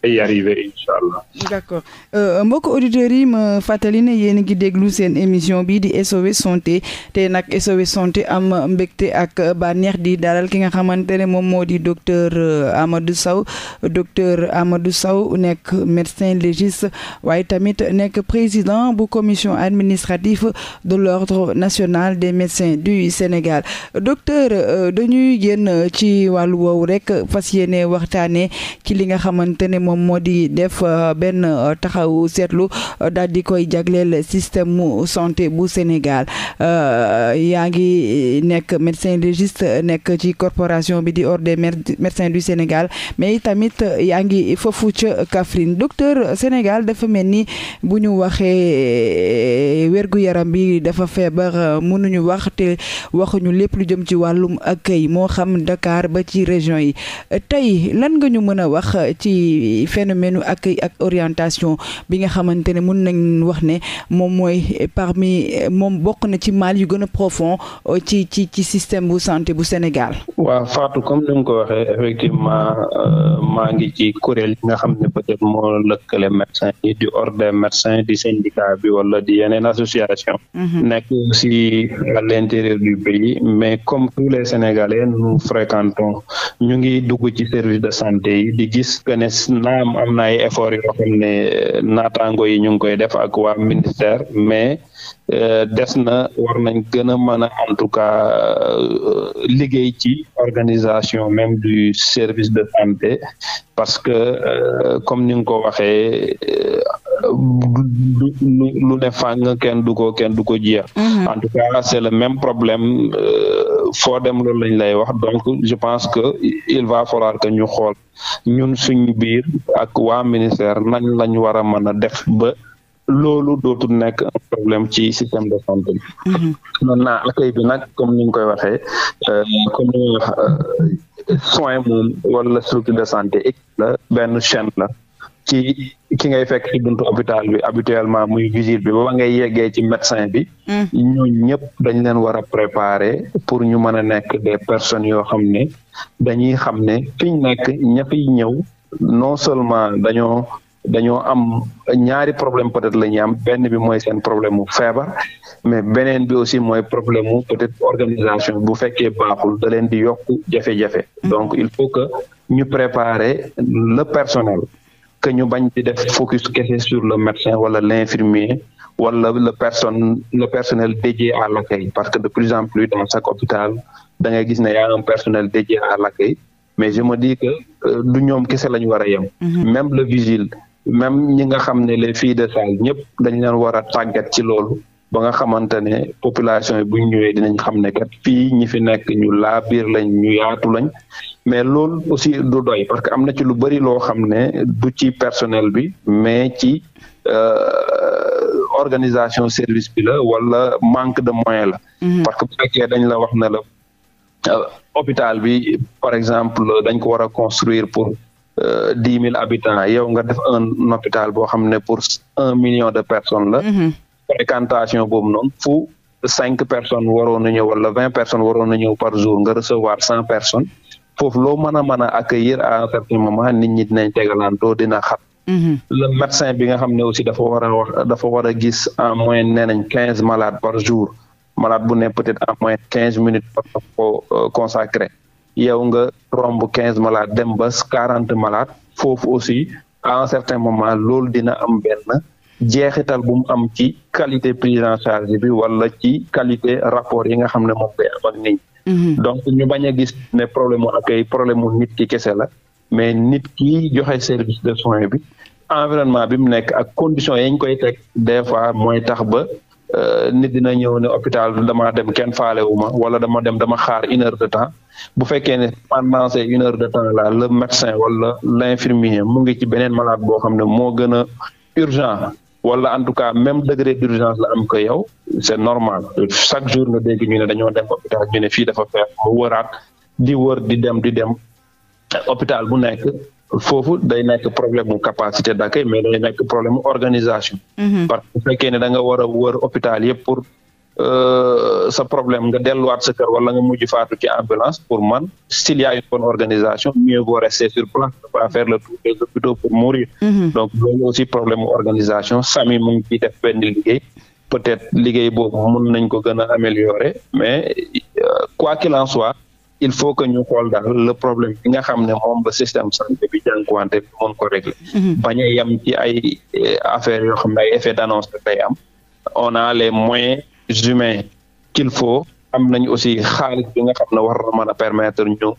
y arriver incha allah. d' accord euh, mbokk auditeurs yi ma fàttali ne yéen ngi déglu seen émission bi di SOS santé te nag SOS santé am mbégte ak bànneex di daral ki nga xamante ne moom moo di docteur euh, Amadou Sow docteur Amadou Sow nekk médecin légiste waaye tamit nekk président bu commission administrative de l' ordre national des médecins du Sénégal docteur euh, dañuy génn ci wàllu woowu rek fas yéene waxtaanee ci li nga xamante ne moom moom moo di def euh, benn euh, taxaw seetlu euh, daal di koy jagleel système mu santé bu Sénégal yaa ngi nekk médecin légiste nekk ci corporation bi di ordre des médecins du Sénégal mais tamit yaa ngi foofu ca Kaffrine docteur Sénégal dafa mel ni bu ñu waxee wér-gu-yaram bi dafa feebar mënuñu wax te waxuñu lépp lu jëm ci wàllum ak accueil moo xam Dakar ba ci région yi tey lan nga ñu mën wax ci ci phénomène accueil ak orientation bi nga xamante ne mun nañ wax ne moom mooy parmi moom bokk na ci mal yu gën a profond euh, ci ci ci système bu santé bu Sénégal. waaw Fatou comme ni nga ko waxee effectivement euh, maa ngi ci kuréel yi nga xam ne peut-être moo lëkkale du bi wala di yeneen association. Mhm. nekk aussi à l'intérieur pays mais comme tous les Sénégalais nous fréquentons ñu ngi dugg ci service de santé yi di gis que ne naam am na ay effort yoo xam ne euh, naataango yi ñu ngi koy def ak waa ministère mais euh, des na war nañ gën a mën a en tout cas euh, liggéey ci organisation même du service de santé parce que comme ni nga ko waxee lu ne fàng kenn du ko kenn du ko jeex mm-hmm. en tout cas c'est le même problème foo dem loolu lañ lay wax donc je pense que il va falloir que ñu xool ñun suñu biir ak waa ministère nañ lañ war a mën a def ba loolu dootul nekk un problème ci système de santé bi. maintenant mm-hmm. accueil bi nag comme ni ñu koy waxee euh, comme ni euh, ñuy soin moom wala structure de santé équipe benn chaîne la. ci ki ngay fekk ci buntu hôpital bi habituellement muy visite bi ba ngay yeggee ci médecin bi. Mm. ñooñu ñëpp dañ leen war a préparer pour ñu mën a nekk des personnes yoo xam ne dañuy xam ne fi ñu nekk ña fiy ñëw non seulement dañoo dañoo am ñaari problème peut-être la ñuy am benn bi mooy seen problème mu feebar mais beneen bi aussi mooy problème mu peut-être organisation bu fekkee baaxul da leen di yokk jafe-jafe. Mm. donc il faut que ñu préparer le personnel. que ñu bañ def focus kese sur le médecin wala l'infirmier wala le personne le personnel dédié à l'accueil parce que de plus dans chaque hôpital da ngay gis ne y a un personnel dédié à l'accueil mais je me dis euh, du ñoom kese la ñu war a yem mm-hmm. même le vigile même ñi nga xam ne les fi de salle ñëpp dañu leen war a tàggat ci loolu ba nga xamante ne population yi bu ñu ñëwee dinañ xam ne kat fii ñi fi nekk ñu laa biir lañ ñu yaatu lañ mais lool aussi du doy parce que am na ci lu bëri loo xam ne du ci personnel bi mais ci euh, organisation service bi la wala manque de moyen la. Mm-hmm. parce wax ne la euh, bi par exemple dañ ko war a construire pour. Euh, dix mille habitants yow nga def un hôpital boo xam ne pour un million de personnes la. Mm-hmm. fréquentation boobu noonu fu cinq personnes waroon na wala vingt personnes waroon na ñëw par jour nga recevoir cent personnes foofu loo mën a mën a accueillir à un certain moment nit ñi dinañ tegalantoo dina xat mhm. le médecin bi nga xam ne aussi dafa war a dafa war a gis en moyenne nee nañ quinze malades par jour malade bu ne peut-être en moyenne quinze minutes par ko euh, consacré yow nga romb quinze malades dem ba quarante malades foofu aussi à un certain moment loolu dina am benn jeexital bu mu am ci qualité prise en charge bi wala ci qualité rapport yi nga xam ne moom koy am mhm. donc ñu bañ a gis ne problème mu accueil problème mu nit ki kese la mais nit ki joxe service de soins bi environnement bi mu nekk ak conditions yi koy teg des fois mooy tax ba euh, nit dina ñëw ne hôpital dama dem kenn faalewuma wala dama dem dama xaar une heure de temps bu fekkee ne pendant ces une heure de temps la le médecin wala l'infirmier mu ngi ci beneen malade boo xam ne moo gën a urgent wala en tout cas même degré d'urgence la am ko yow c'est normal chaque jour nga dégg ñu ne dañoo dem hôpital ñu ne fii dafa feex mu wëraat di wër di dem di dem hôpital bu nekk foofu day nekk problème mu capacité d'accueil mais day nekk problème organisation mhm. parce que bu fekkee ne da nga hôpital yëpp pour Euh, sa problème nga delluwaat sa kër wala nga mujj faatu ci ambulance pour man s'il y a une bonne organisation mieux vaut rester sur place ne pas faire le des hôpitaux pour mourir mhm. donc loolu aussi problème organisation sami mu ngi ciy def benn liggéey peut-être liggéey boobu mën nañ ko gën a améliorer mais euh, quoi qu'il en soit il faut que ñu xool daal le problème bi nga xam ne moom ba système santé bi jànkuwante bi mën ko régler mhm. bañ a ci ay euh, affaires yoo xam ne effet d'annonce a humains qu'il faut am nañu aussi xaalis bi nga xam ne war na mën a permettre ñu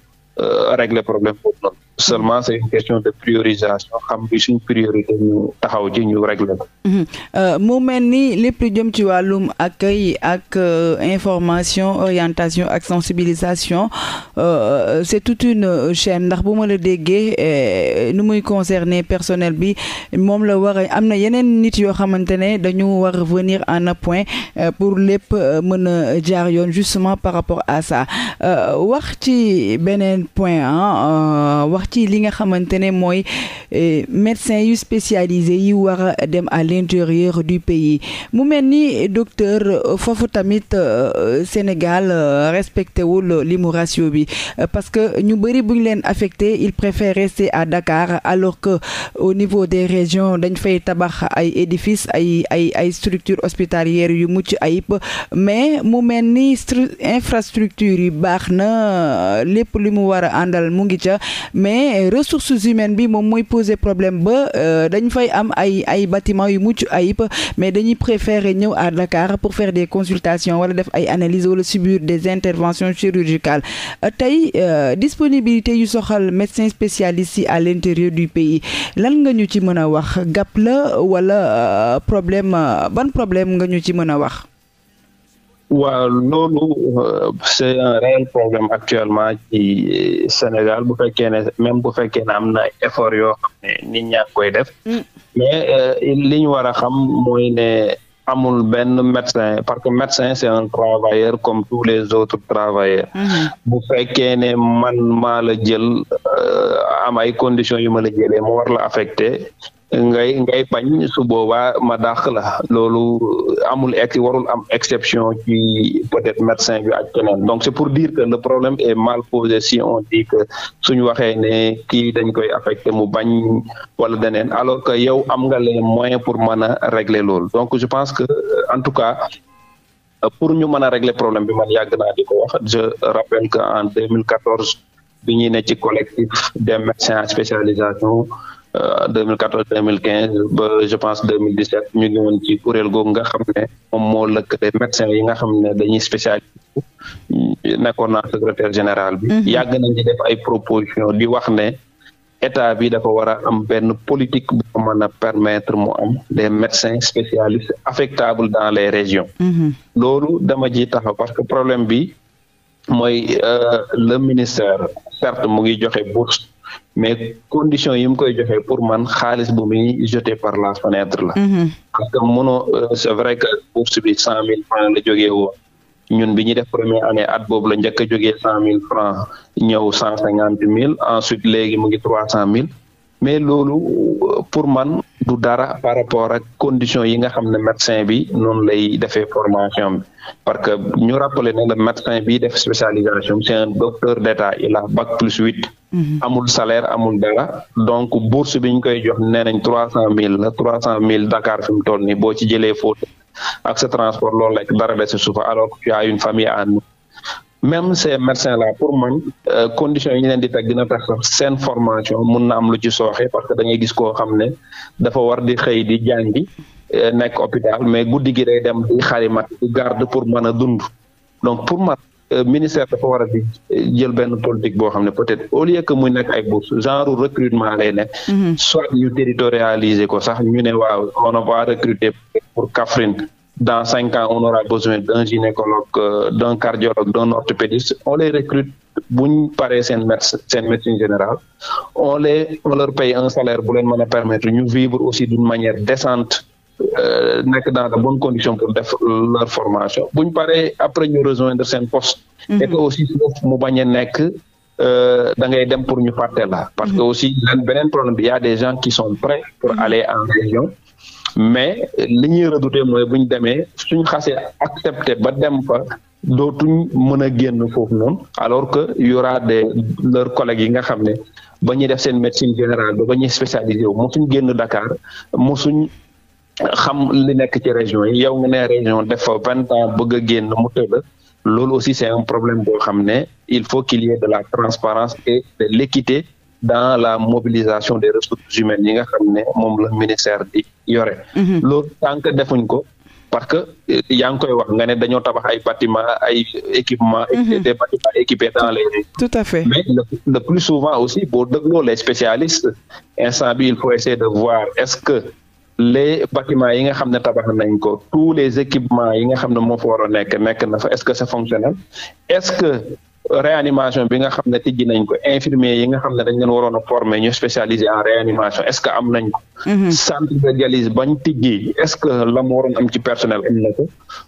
euh, régler problème boobu noonu seulement c'est une question de priorisation xam bi suñ priorité ñu taxaw ji ñu régler ko mhm. euh, mu mel ni lépp lu jëm ci wàllum accueil ak euh, information orientation ak sensibilisation euh, c'est tout une chaîne ndax bu ma la déggee nu muy concerner personnel bi moom la war am na yeneen nit yoo xamante ne dañu war venir en appoint pour lépp mën a jaar yoon justement par rapport à ça wax ci beneen point ah wax ci li nga xamante ne mooy eh, médecin yu spécialisé yi war a dem à l'intérieur du pays mu mel ni docteur euh, foofu tamit euh, Sénégal euh, respecté wul li mu ratio bi parce que ñu bëri bu ñu leen affecté ils préfèrent rester à Dakar alors que au niveau des régions dañ fay tabax ay édifices ay ay ay structures hospitalières yu mucc ayib mais mu mel ni infrastructure yu baax na lépp li mu war a àndal mu ngi ca mais mais ressources humaines bi moom mooy poser problème ba euh, dañ fay am ay ay bâtiment yu mucc ayib mais dañuy préférer ñëw à Dakar pour faire des consultations wala def ay analyses wala subir des interventions chirurgicales euh, tey euh, disponibilité yu soxal médecins spécialistes yi à l'intérieur du pays lan nga ñu ci mën a wax gap la wala problème ban problème nga ñu ci mën a wax waaw loolu euh, c'est un réel problème actuellement ci euh, Sénégal bu fekkee ne même bu fekkee ne am na effort yoo xam ne nit koy def mm. mais euh, li ñu war a xam mooy ne amul benn médecin parce que médecin c'est un travailleur comme tous les autres travailleurs mm-hmm. bu fekkee ne man maa la jël am ay conditions yu ma la jëlee mu war la affecté ngay ngay bañ su boobaa ma dàq la loolu amul ex warul am exception ci peut-être médecin bi ak keneen donc c'est pour dire que le problème est mal posé si on dit que suñu waxee ne kii dañ koy affecté mu bañ wala deneen alors que yow am nga les moyen pour mën a régler loolu donc je pense que en tout cas pour ñu mën a régler problème bi man yàgg naa di ko wax je rappelle que en 2014 bi ñuy ne ci collectif des médecins en spécialisation 2014 euh, 2015 ba je pense 2017 ñu ngi woon ci kuréel googu nga xam ne moom moo lëkkale médecins yi xam ne dañuy spécialisé nekkoon naa secrétaire général bi. Mhm. yàgg nañ di def ay proposition di wax ne état bi dafa war am benn politique bu ko mën a permettre mu am de médecins spécialistes affectables dans les régions. Mhm. loolu dama ji taxaw parce que problème bi mooy euh, le ministère certes mu ngi joxe bourse. mais condition yi mu koy joxe pour man xaalis bu muy jeté par la fenêtre la. Mhm. parce que mënoo euh, c'est vrai que bourse bi cent mille francs la jógee woon ñun bi ñuy def première année at boobu la njëkk a jógee cent mille francs ñëw cent cinquante mille ensuite léegi mu ngi trois cent mille. mais loolu pour man du dara par rapport ak condition yi nga xam ne médecin bi noonu lay defee formation bi par que ñu rappeler ne le médecin bi def spécialisation c'est un docteur d'état il a bac plus huit mhm. amul salaire amul dara donc bourse bi ñu koy jox nee nañ trois cent mille la trois cent mille Dakar fi mu toll nii boo ci jëlee fóot ak sa transport loolu rek dara des si suufa alors que tu as une famille même ces médecins là pour man euh, conditions yi ñu leen a teg dina tax seen formation mun na am lu ci sooxe parce que dañuy gis koo xam ne dafa war di xëy di jàngi euh, nekk hôpital mais guddi gi day dem di xarimat di garde pour mën a dund donc pour man euh, ministère dafa war a di jël benn politique boo xam ne peut-être au lieu que nekk ay bourse genre recrutement lay nekk mhm. soit ñu territorialiser ko sax ñu ne waaw on va recruter pour Kaffrine dans cinq ans on aura besoin d'un gynécologue euh, d'un cardiologue d'un orthopédiste on les recrute bu ñu paree seen médecin seen médecine générale on les on leur paye un salaire bu leen mën a permettre ñu vivre aussi d'une manière décente euh, nekk dans de bonnes condition pour def euh, leur formation bu ñu paree après ñu rejoindre seen poste mm-hmm. et que aussi foofu mu bañ a nekk da ngay dem pour ñu fàtte la parce mm-hmm. que aussi leen beneen problème bi y a des gens qui sont prêts pour mm-hmm. aller en région mais li ñuy redouté mooy bu ñu demee suñ xasee accepté ba dem fa dootuñ mën a génn foofu noonu alors que y aura des leurs yi nga xam ne ba ñuy def seen médecine générale ba ba ñuy spécialisé wu mosuñ génn Dakar mosuñ xam li nekk ci région yi yow nga ne région def fa vingt ans bëgg a génn mu tëla loolu aussi c'est un problème boo xam ne il faut qu'il de la transparence et de l'équité dans la mobilisation des ressources yi nga xam ne moom la ministère di yore. Mhm. loolu tànk defuñ ko parce que eh, yaa ngi koy wax nga ne dañoo tabax ay bâtiment ay équipement mhm. des bâtiments équipés dans les rues. tout à fait mais le, le plus souvent aussi boo dégloo les spécialistes instant bi il faut essayer de voir est-ce que. les bâtiments yi nga xam ne tabax nañ ko tous les équipements yi nga xam ne moo fa war a nekk nekk na fa est-ce que c'est fonctionnel est-ce que réanimation bi nga xam ne nañ ko infirmier yi nga xam ne dañ leen waroon a former ñu spécialisé en réanimation est-ce que am nañ ko. Mm-hmm. centre de dialyse bañ tijji est-ce que la mu am ci personnel am na ko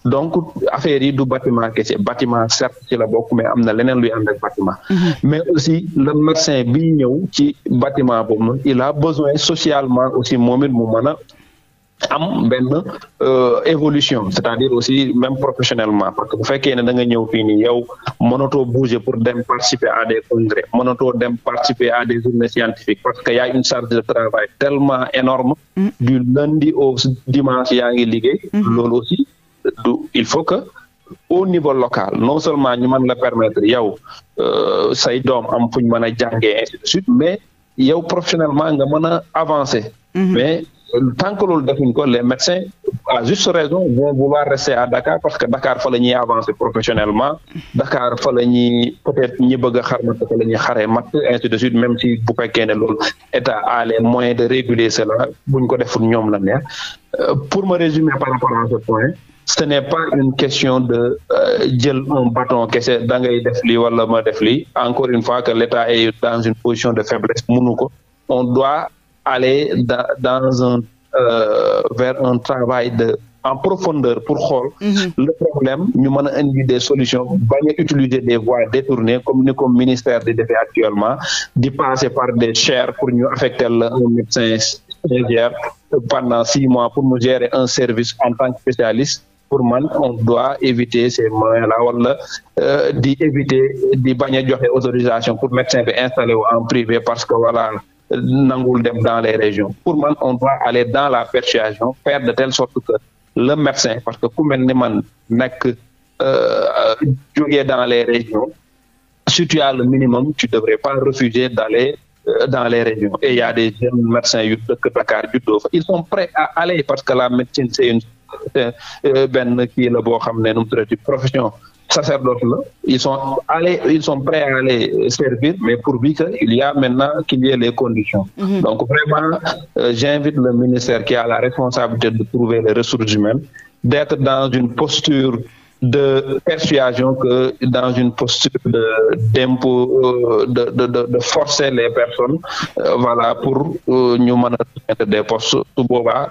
donc affaire yi du bâtiment kese bâtiment certes ci la bokk mais am na leneen luy ànd ak bâtiment. Mm-hmm. mais aussi le médecin bi ñëw ci bâtiment bo noonu il a besoin socialement aussi moom it mu am benn euh, évolution c'est-à-dire aussi même professionnellement parce que bu fekkee ne da nga ñëw fii nii yow mënatoo pour dem participer à des congrès mënatoo dem participer à des journées scientifiques parce que y a une charge de travail tellement énorme mm. du lundi au dimanche yaa ngi liggéey mm-hmm. loolu aussi du il faut que au niveau local non seulement ñu man la permetre yow euh, say doom am fu ñu mën a jàngee ainsi suite mais yow professionnellement nga mën a avancer mm-hmm. tant que loolu defuñ ko le médecins à juste raison vont vouloir rester à Dakar parce que Dakar fa la ñuy avancer professionnellement Dakar fa la ñuy peut-être ñi bëgg a xar matt fa la ñuy xaree matt ainsi de suite même si bu fekkee ne lool état a les moyens de réguler cela buñ ko deful ñoom la neex euh, pour me résumer par rapport à ce point ce n'est pas une question de euh, jël euh, un bâton kese da ngay def lii wala ma def li encore une fois que l'État est dans une position de faiblesse munu ko aller da, dans un euh, vers un travail de en profondeur pour xool mhm. le problème ñu mën a indi des solutions bañ a utiliser des voies détournées comme ni comme ministère di defee actuellement di passer par des chaires pour ñu affecter la un médecin stagiaire pendant six mois pour mu gérer un service en tant que spécialiste pour man on doit éviter ces moyens là wala euh, di éviter di bañ a joxe autorisation pour médecin bi installé wu en privé parce que voilà nangul dem dans les régions pour man on doit aller dans la persuasion faire de telle sorte que le médecin parce que ku mel ni man nekk euh, jógee dans les régions si tu as le minimum tu devrais pas refuser d'aller euh, dans les régions et il a des jeunes médecins yu dëkk Dakar juddoo fa ils sont prêts à aller parce que la médecine c'est une euh, benn kii la boo xam ne nu mu profession sacerdoce là ils sont prêts à aller servir mais pourvu que il y a maintenant qu'il y ait les conditions mm -hmm. donc vraiment euh, j'invite le ministère qui a la responsabilité de trouver les ressources d'être dans une posture de persuasion que dans une posture d'impôt euh, de, de, de, de, forcer les personnes euh, voilà pour euh, ñu mën a mettre des postes su boobaa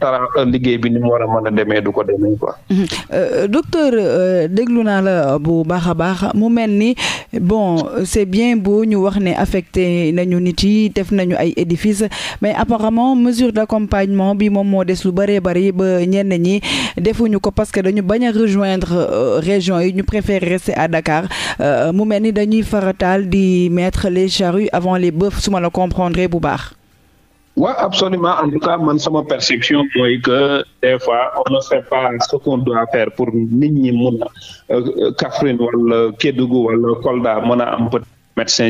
tara liggéey bi ni mu war du ko demee quoi. Mhm. docteur déglu naa la bu baax a baax mu mel ni bon c'est bien boo ñu wax ne affecté nañu nit yi def nañu ay édifices mais apparemment mesure d'accompagnement bi moom moo des lu bëree bëri ba ñenn ñi defuñu ko parce dañu bañ bañ a rejoindre euh, région yi ñu préférer rester à Dakar euh, mu mel ni dañuy farataal di mettre les charrues avant les bœufs su ma la comprendre bu baax. waaw oui, absolument en tout cas man sama perception mooy que des fois on ne sait pas ce qu'on doit faire pour nit ñi mun a euh, Kaffrine wala Kédougou wala Kolda mën a am peut médecin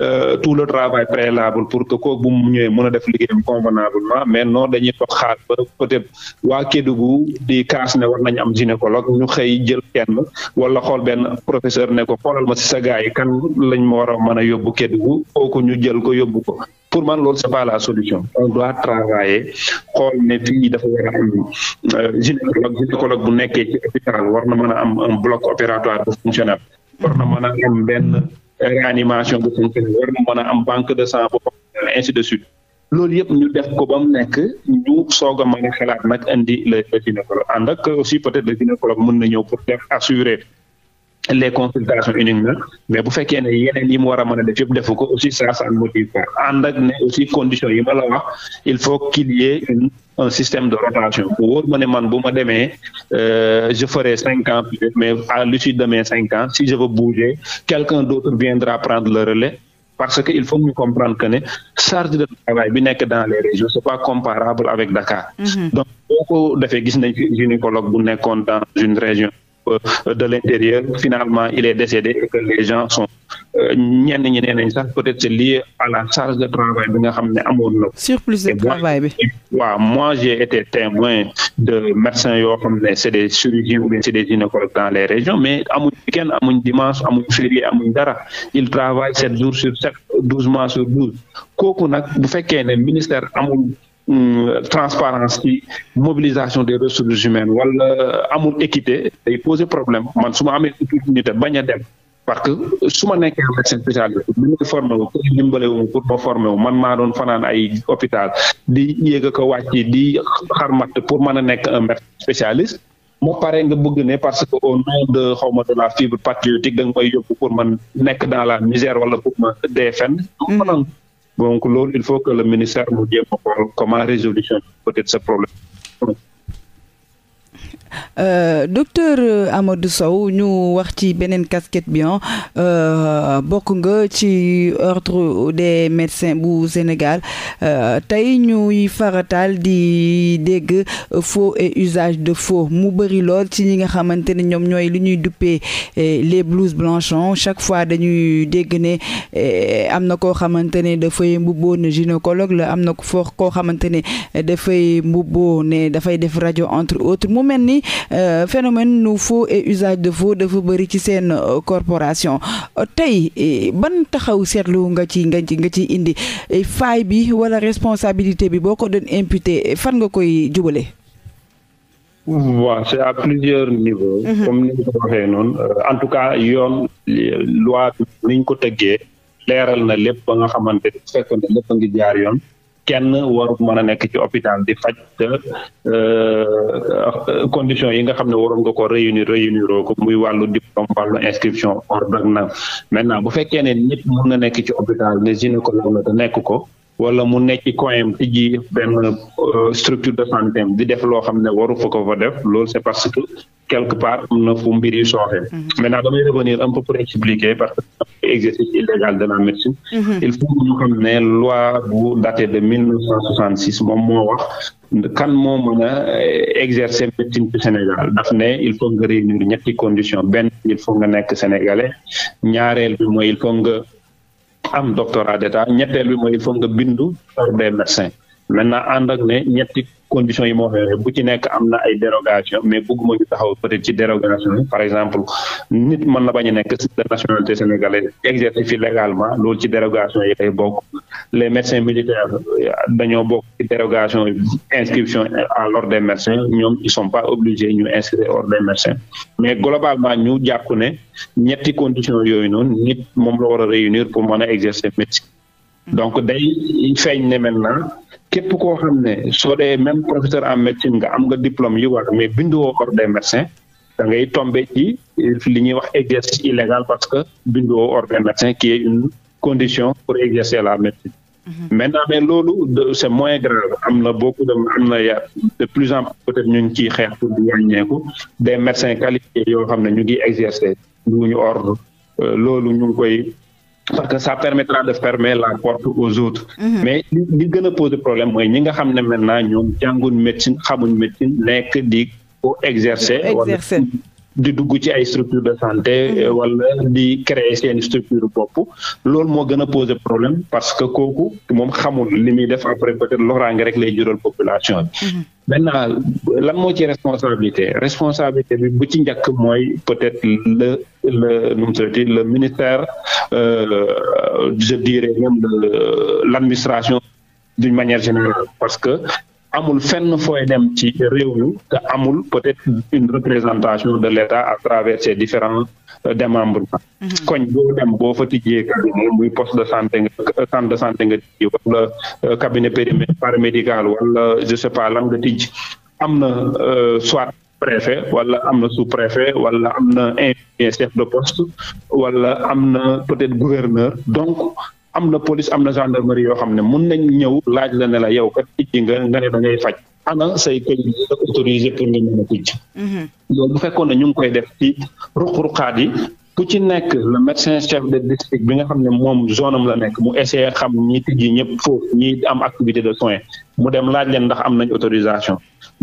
Euh, tout le travail préalable pour que kooku bu mu ñëwee mën a def liggéeyam convenablement mais non dañuy toog xaar ba peut-être waa Kédougou di kaas ne war nañu am gynécologue ñu xëy jël kenn wala xool benn professeur ne ko xoolal ma si sa gars yi kan lañ ma war a mën a yóbbu Kédougou kooku ñu jël ko yóbbu ko. pour man loolu c'est pas solution on doit travailler xool ne fii dafa war am euh, gynécologue gynécologue bu nekkee ci hôpital war na mën a am un bloc opératoire bu fonctionnel war na am benn. réanimation bu fonctionné war na am banque de sang bu fonctionné de suite loolu yëpp ñu def ko ba mu nekk ñu soog a mën a xalaat nag indi le gynécologue ànd ak aussi peut-être le gynécologue mën na ñëw pour def assurer les consultations uniques mais bu fekkee ne yeneen yi mu war def yëpp defu ko aussi ça motive pas ànd ne aussi conditions yi ma la wax il faut qu'il y ait une un système de rotation bu wóor ma ne man bu ma demee euh, je ferai cinq ans peut mais à l'issue de mes cinq ans si je veux bouger quelqu'un d'autre viendra prendre le relais parce que il faut ñu comprendre que ne charge de travail bi nekk dans les régions c'est pas comparable avec Dakar. Mm-hmm. donc boo ko Euh, de l'intérieur finalement il est décédé et que les gens sont euh, ñenn ñi nañ sax peut-être c'est lié à la charge de travail bi xam ne amoon na. surplus de travail bi. waaw moi j'ai été témoin de médecins yoo xam ne c'est des chirurgiens ou bien c'est des gynécologues dans les régions mais amuñ week-end dimanche amuñ férié amuñ dara ils travaillent sept jours sur sept douze mois sur douze kooku nag bu fekkee ministère amul. Euh, transparence ci mobilisation des ressources humaines wala amul équité day poser problème man su ma amee opportunité bañ a dem parce que su ma nekkee médecin spécialiste bi ñu formé wu dimbale wu pour ma formé wu man maa doon fanaan ay hôpital di yéeg ko wàcc di xarmat pour mën a nekk un médecin spécialiste ma pare nga bëgg ne parce que au nom de xaw ma de la fibre patriotique da nga may yóbbu pour man nekk dans la misère wala pour ma donc loolu il faut que le ministère mu jéem a xool comment résolution peut être ce problème Euh, docteur euh, Amadou Sow ñu wax ci beneen casquette bi euh, bokk nga ci ordre des médecins bu Sénégal tey ñuy farataal di dégg faux et usage de faux mu bëri lool ci ñi nga xamante ne ñoom ñooy lu ñuy duppee eh, les blouses blanchons chaque fois dañuy dégg ne eh, am na koo xamante ne dafay mbubboo ne gynécologue la am na ko foo koo xamante ne dafay mbubboo ne dafay def rajo entre autres mu mel ni Euh, phénomène nu faux et usage de faux dafa bëri ci seen euh, corporation tey eh, ban taxaw seetlu nga ci nga ci nga ci indi eh, faay bi wala responsabilité bi boo ko doon imputé eh, fan nga koy jubale waaw c'est à plusieurs niveaux mhm. comme ni nga ko waxee euh, en tout cas yoon loi bi ni ñu ko tëggee leeral na lépp ba nga xamante lépp ngi jaar yoon kenn warul mën a nekk ci hôpital di faj te euh, condition yi nga xam ne waroon nga ko réunir réuniroo ko muy wàllu diplôme wàllu inscription ordonnance maintenant bu fekkee ne nit mun na nekk ci hôpital ne gynécologue la te nekk ko wala mu nekk ci coin tijji benn euh, structure de santé di def loo xam ne waru fa ko fa def lool c'est parce que quelque part am na fu mbir yi sooxee mhm. maintenant damay revenir un peu pour expliquer parce que exercice illégal de la médecine mhm. il faut ñu xam ne loi bu datée de mille neuf cent soixante six moom moo wax kan moo mën a euh, exercer médecine ci Sénégal daf ne il faut nga réunir ñetti condition benn il faut nga nekk sénégalais ñaareel bi mooy il faut nga am doctorat d'état ñetteel bi mooy il nga bindu par des médecins maintenant ànd ne ñetti conditions yi moo waxee bu ci nekk am na ay dérogation mais bëgguma ñu taxaw peut-être ci dérogation par exemple nit mën na bañ a nekk de nationalité sénégalaise exercer fi légalement loolu ci dérogation yi lay bokk les médecins militaires dañoo bokk ci dérogation inscription en l'ordre de médecins ñoom ils sont pas obligés ñu inscrire ordre des médecins mais globalement ñu jàpp ne ñetti conditions yooyu noonu nit moom la war a réunir pour mën a exercer médecine donc day feeñ ne képp koo xam ne soo dee même professeur en médecine nga am nga diplôme yu war mais binduwoo ordre des médecins da ngay tombé ci li ñuy wax exercice illégal parce que binduwoo ordre des médecins qui une condition pour exercer la médecine. Mhm. maintenant mais loolu c'est moins grave am na beaucoup de am na ya de plus en plus peut-être ñu ngi ciy xeex pour di wàññeeku des médecins qualifiés yoo xam ne ñu ngi exercer ñu euh, loolu ñu ngi koy parce que ça permettra de fermer la porte aux autres. Mhm. mais li gën a poser problème mooy ñi nga xam ne maintenant ñoom jànguñ médecine xamuñ médecine nekk di ko exercer. exercer. Wala, di dugg ci ay structure de santé mhm. euh, wala di créer seen structure bopp loolu moo gën a poser problème parce que kooku moom xamul li muy def après peut-être loraange rek lay jural population bi mhm. maintenant lan moo ci responsabilité responsabilité bi bu ci njëkk mooy peut-être le le nu mu tuddati le ministère euh, je dirais même l'administration d'une manière générale parce que amul fenn fooy dem ci réew mi te amul peut-être une représentation de l'État à travers ces différents euh, démembrements mhm. koñ boo dem boo fa tijjee cabinet muy poste de santé nga centre de santé nga tijji wala euh, cabinet périmé paramédical wala je sais pas lan nga tijj am na euh, soit préfet wala am na sous-préfet wala am na infirmier chef de poste wala am na peut-être gouverneur donc am na police am na gendarmerie yoo xam ne mun nañ ñëw laaj la ne la yow kat tijji nga nga ne da ngay faj ana say këy da autorisé ko nga mën a tijj mhm. bu fekkoon ne ñu ngi koy def ci ruq-ruqaat yi ku ci nekk le médecin de bi nga xam ne moom zone am la nekk mu essayé xam ñi tijji ñëpp foofu ñi am activité de soins mu dem laaj leen ndax am nañ autorisation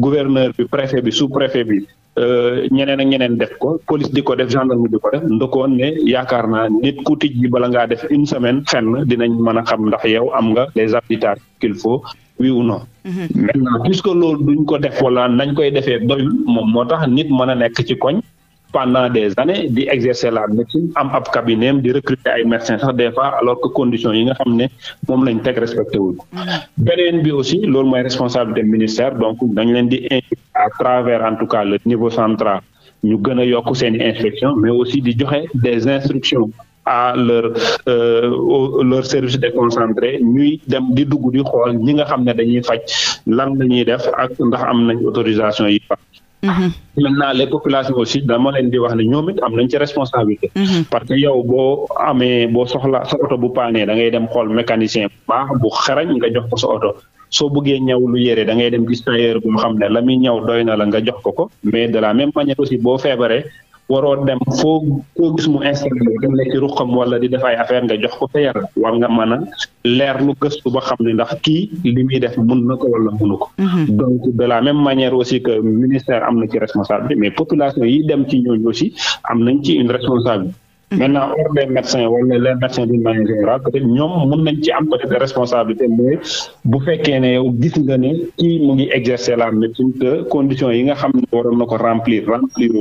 gouverneur bi préfet bi sous préfet bi Euh, ñeneen ak ñeneen def ko police di ko def gendarme di ko def ndokoon ne yaakaar naa nit ku tij bi bala ngaa def une semaine fenn dinañ mën a xam ndax yow am nga les habilitations qu'il fo wi ou non. Mhm. maintenant puisque loolu duñ ko def wala nañ koy defee doyul moom moo tax nit mën a nekk ci koñ. pendant des années di exercer la médecine am ab cabinet di recruter ay médecins sax des fois alors que conditions yi nga xam ne moom lañ teg respecté wuñ mm-hmm. beneen bi aussi loolu mooy responsabilité ministère donc dañ leen di invité à travers en tout cas le niveau central ñu gën a yokk seen inspection mais aussi di joxe des instructions à leur euh, au, leur service déconcentré ñuy dem di dugg di xool ñi nga xam ne dañuy faj lan la ñuy def ak ndax am nañ autorisation yi maintenant mm-hmm. les populations aussi dama leen di wax ne ñoom it am nañ ci responsabilité. Mm-hmm. parce que yow boo amee boo soxla sa oto bu panee da ngay dem xool mécanicien bu baax bu xarañ nga jox ko sa oto. soo bëggee ñaw lu yére da dem gis tailleur bu xam ne la muy ñaw doy na la nga jox ko ko mais de la même manière aussi boo feebaree waroo dem foo koo gis mu installé dem nekk ruqam wala di def ay affaire nga jox ko sa war nga mën a leer lu gëstu ba xam ne ndax kii li muy def mun na ko wala munu mhm. donc de la même manière aussi que ministère am na ci responsabilité mais population yi dem ci ñooñu aussi am nañ ci une responsabilité maintenant hors les médecins wala les médecins d'une manière générale peut être ñoom mun nañ ci am peut être responsabilité bu fekkee ne yow gis nga ne kii mu ngi exercer la médecine te conditions yi nga xam ne waroon na ko remplir remplir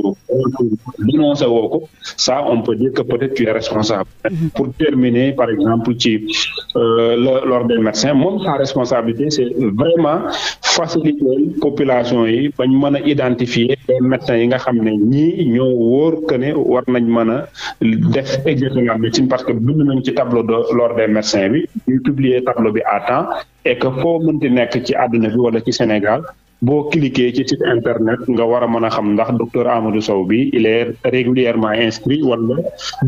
dénoncé woo ko ça on peut dire que peut être responsable mhm. pour terminer par exemple ci euh, l'ordre des médecins moom sa responsabilité c'est vraiment faciliter population yi bañ mën a identifier les médecins yi nga xam ne ñi ñoo woor que ne war nañ mën a def exercice médecine parce que bind nañ ci tableau de l'ordre des bi ñu publier tableau bi à temps et que foo mënti nekk ci àdduna bi wala ci Sénégal boo cliquer ci site internet nga war a mën a xam ndax docteur Amadou Sow bi il est régulièrement inscrit wala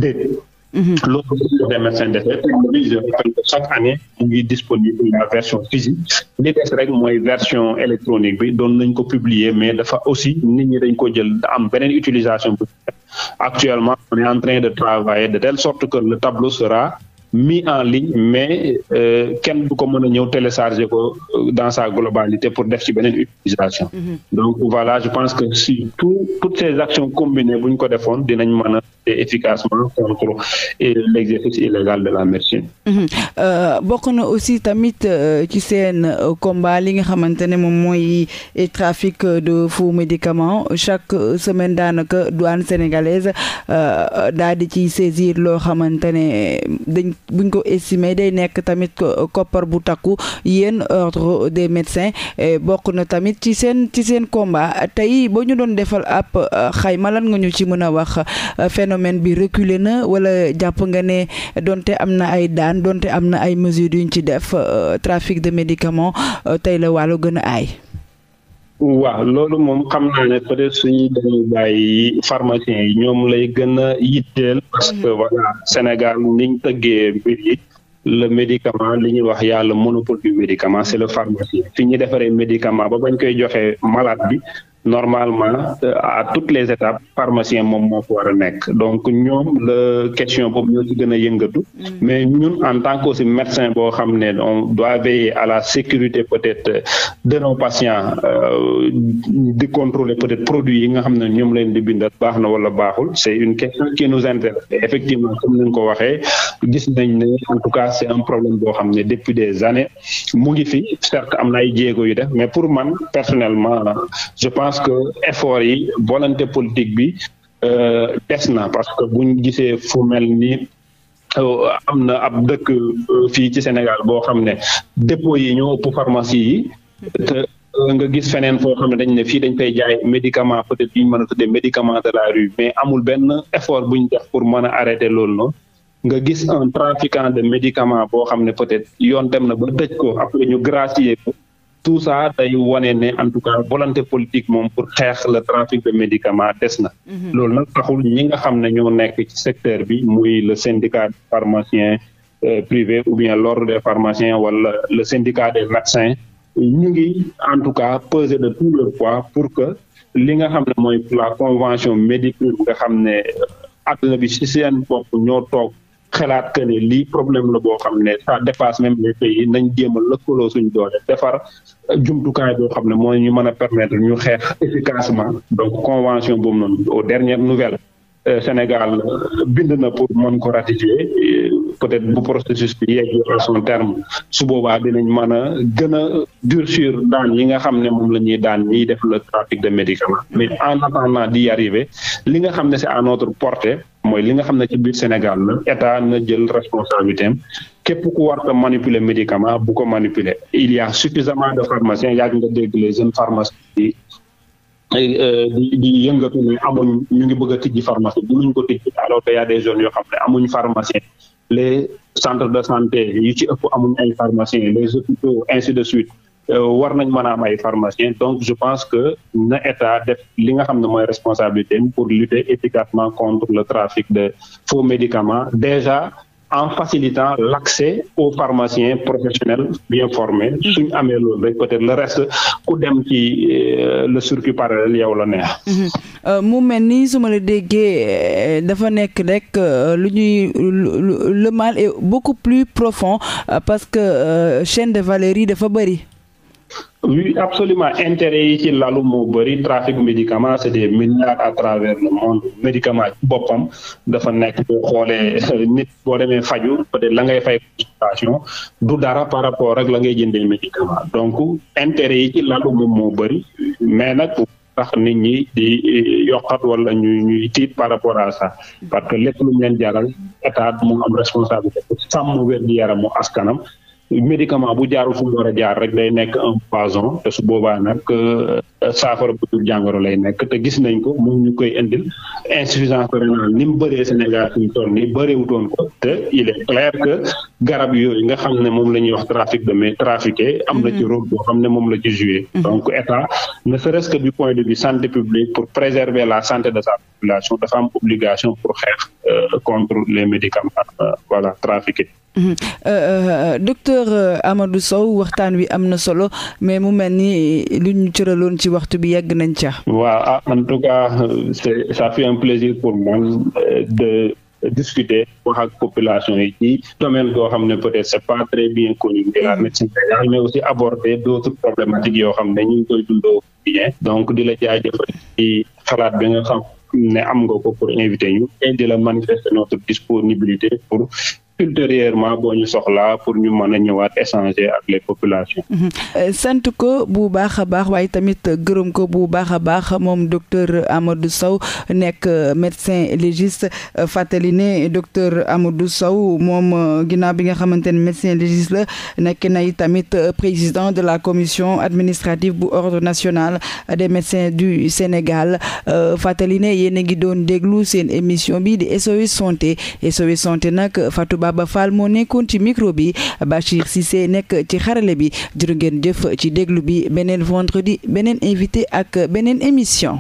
déet Mm-hmm. loolu des médecins de fait je rappelle que rek mooy version électronique bi doon nañ ko publier mais dafa aussi nit ñi dañ ko jël am beneen utilisation bi actuellement on est en train de travailler de telle sorte que le tableau sera mis en ligne mais euh, kenn du ko mën a ñëw télécharger ko euh, dans sa globalité pour def ci beneen utilisation mm-hmm. donc voilà je pense que si tout toutes ces actions combinées bu ko defoon dinañ mën efficacement contre l'exercice illégal de la médecine. Mhm. Euh, bokk na aussi tamit euh, ci seen euh, combat li nga xamante ne moom mooy trafic de faux médicament chaque semaine daanaka douane sénégalaise daal di ci saisir loo xamante ne dañ buñ ko estimer day nekk tamit koppar bu takku yéen ordre des médecins bokk na tamit ci seen ci seen combat tey boo ñu doon defal ab xayma lan nga ñu ci mën a wax phénomène phénomène bi reculer na wala jàpp nga ne donte am na ay daan donte am na ay yu yuñ ci def euh, trafic de médicament euh, tey la wàllu gën a aay. waaw loolu moom xam naa ne peut-être suñuy dañuy bàyyi yi ñoom lay gën a yitteel parce que mm-hmm. voilà Sénégal niñ tëggee mbir yi le médicament li ñuy wax yàlla monopole du médicament c'est le pharmacien fi ñu defaree médicament ba bañ koy joxee malaat bi normalement euh, à toutes les étapes pharmacien moom moo fa nekk donc ñoom la question boobu ñoo ci gën a yëngatu mm. mais ñun en tant que aussi médecin boo xam ne on doit veiller à la sécurité peut-être euh, de nos patients euh, di contrôler peut-être produit yi nga xam ne ñoom leen di bindal baax na wala baaxul c'est une question qui nous intéresse effectivement comme ni ko waxee gis nañ ne en tout cas c'est un problème boo xam ne depuis des années mu ngi fi certes am na ay jéego yu def mais pour man personnellement pense que effort yi volonté politique bi euh, des na parce que buñ gisee fu mel ni euh, am na ab dëkk euh, fii ci Sénégal boo xam ne dépôt yi ñoo ëpp pharmacie yi te nga gis feneen foo xam ne dañ ne fii dañ fay jaay médicament peut-être ñu mën a tuddee médicament de la rue mais amul benn effort bu ñu def pour mën a arrêter lool no nga gis en trafiquant de médicament boo xam ne peut-être yoon dem na ba tëj ko après ñu gracier tout ça day wane ne en tout cas volonté politique moom pour xeex le trafic de médicaments des na. Mhm. loolu nag ñi nga xam ne ño nekk ci secteur bi muy le syndicat des pharmaciens euh, privés ou bien l'ordre des pharmaciens wala le syndicat des médecins ñu ngi en tout cas peser de tout leur poids pour que li nga xam ne mooy la convention médicale nga xam ne àdduna euh, bi ci seen bopp ñoo toog. xalaat que ne lii problème la boo xam ne ça dépasse même les pays nañ jéem a lëkkaloo suñ doole defar euh, jumtukaay boo xam ne mooy ñu mën a permettre ñu xeex efficacement donc convention boobu noonu aux dernières nouvelles euh, Sénégal euh, bind na pour mën ko ratifier peut-être bu processus bi yegg à terme su boobaa dinañ mën a gën a durcir daan yi nga xam ne moom la ñuy daan ñiy def la trafic de médicaments mais en attendant d'y arriver li nga xam ne c'est à notre portée mooy li nga xam ne ci biir Sénégal la état na jël responsabilité am képp ku war a manipuler médicament bu ko manipuler il y a suffisamment de pharmaciens yàgg nga dégg les jeunes pharmaciens yi euh, di di yëngatu amuñ ñu ngi bëgg a tijji pharmacie mënuñ ko tijji alors que des zones yoo xam ne amuñ pharmacien les centres de santé yu ci ëpp amuñ ay pharmaciens les hôpitaux ainsi de suite Euh, war nañ mën a am ay pharmaciens donc je pense que na état li nga xam ne mooy responsabilité pour lutter efficacement contre le trafic de faux médicament déjà en facilitant l'accès aux pharmaciens professionnels bien formés mm-hmm. suñ amee loolu rek peut-être le reste ku dem ci euh, le circuit parallèle yow la neex. Mm-hmm. Euh, mu mel ni su ma la déggee dafa nekk rek lu ñuy le mal est beaucoup plus profond parce que chaine de valeur yi dafa bëri. oui absolument intérêt yi ci lalu moo bëri trafic médicament c' est des milliards à travers le monde médicament boppam dafa nekk boo xoolee euh, nit boo demee faju peut-être la ngay fay consultation du dara par rapport ak la ngay jëndee médicament donc intérêt yi ci lalu moom moo bëri mais nag tax nit ñi di yokkat wala ñu ñuy tiit par rapport à ça parce que lépp lu leen jaral état mu am responsabilité sàmm wér-gu-yaramu askanam médicament bu jaarul fu mu a jaar rek lay nekk un poison te su boobaa nag euh, saafara bu jur jàngoro lay nekk te gis nañ ko moom ñu koy indil insuffisance rénale ni mu bëree Sénégal fi mu toll nii bëreewutoon ko te il est clair que garab yooyu nga xam ne moom la ñuy wax trafic de mais trafiqué am na ci mm-hmm. rôle boo xam ne moom la ci joué. Mm-hmm. donc état ne serait-ce que du point de vue santé publique pour préserver la santé de sa population dafa am obligation pour xeex euh, contre les médicaments euh, voilà trafiqués. Mhm. Euh, euh, euh, docteur Amadou Sow waxtaan wi am na solo mais mu mel ni lu ñu cëraloon ci waxtu bi yegg nañ ca. waaw a ah, tout cas c'est ça fait un plaisir pour moi de. discuter wax ak population yi ci domaine boo xam ne peut-être c'est pas très bien connu de la mhm. médecine légale mais aussi aborder d'autres problématiques yoo xam ne ñu ngi koy dundoo bien donc di la jaajëfal ci xalaat bi nga xam ne am nga ko pour inviter ñu et di la manifester notre disponibilité pour ultérieurement boo ñu soxlaa pour ñu mën a ñëwaat échanger ak les populations. Mhm. Euh, sant ko bu baax a baax waaye tamit gërëm ko bu baax a baax moom docteur Amadou saw nekk euh, médecin légiste euh, fàttali ne docteur Amadou saw moom ginnaaw bi nga xamante ne médecin légiste la nekk nay tamit président de la commission administrative bu ordre national des médecins du Sénégal fàttali ne yéen a ngi doon déglu seen émission bi di SOS santé SOS santé nag Fatou ba Fall moo nekkoon ci micro bi Bachir Cissé nekk ci xarale bi jërë ngeen jëf ci déglu bi beneen vendredi beneen invité ak beneen émission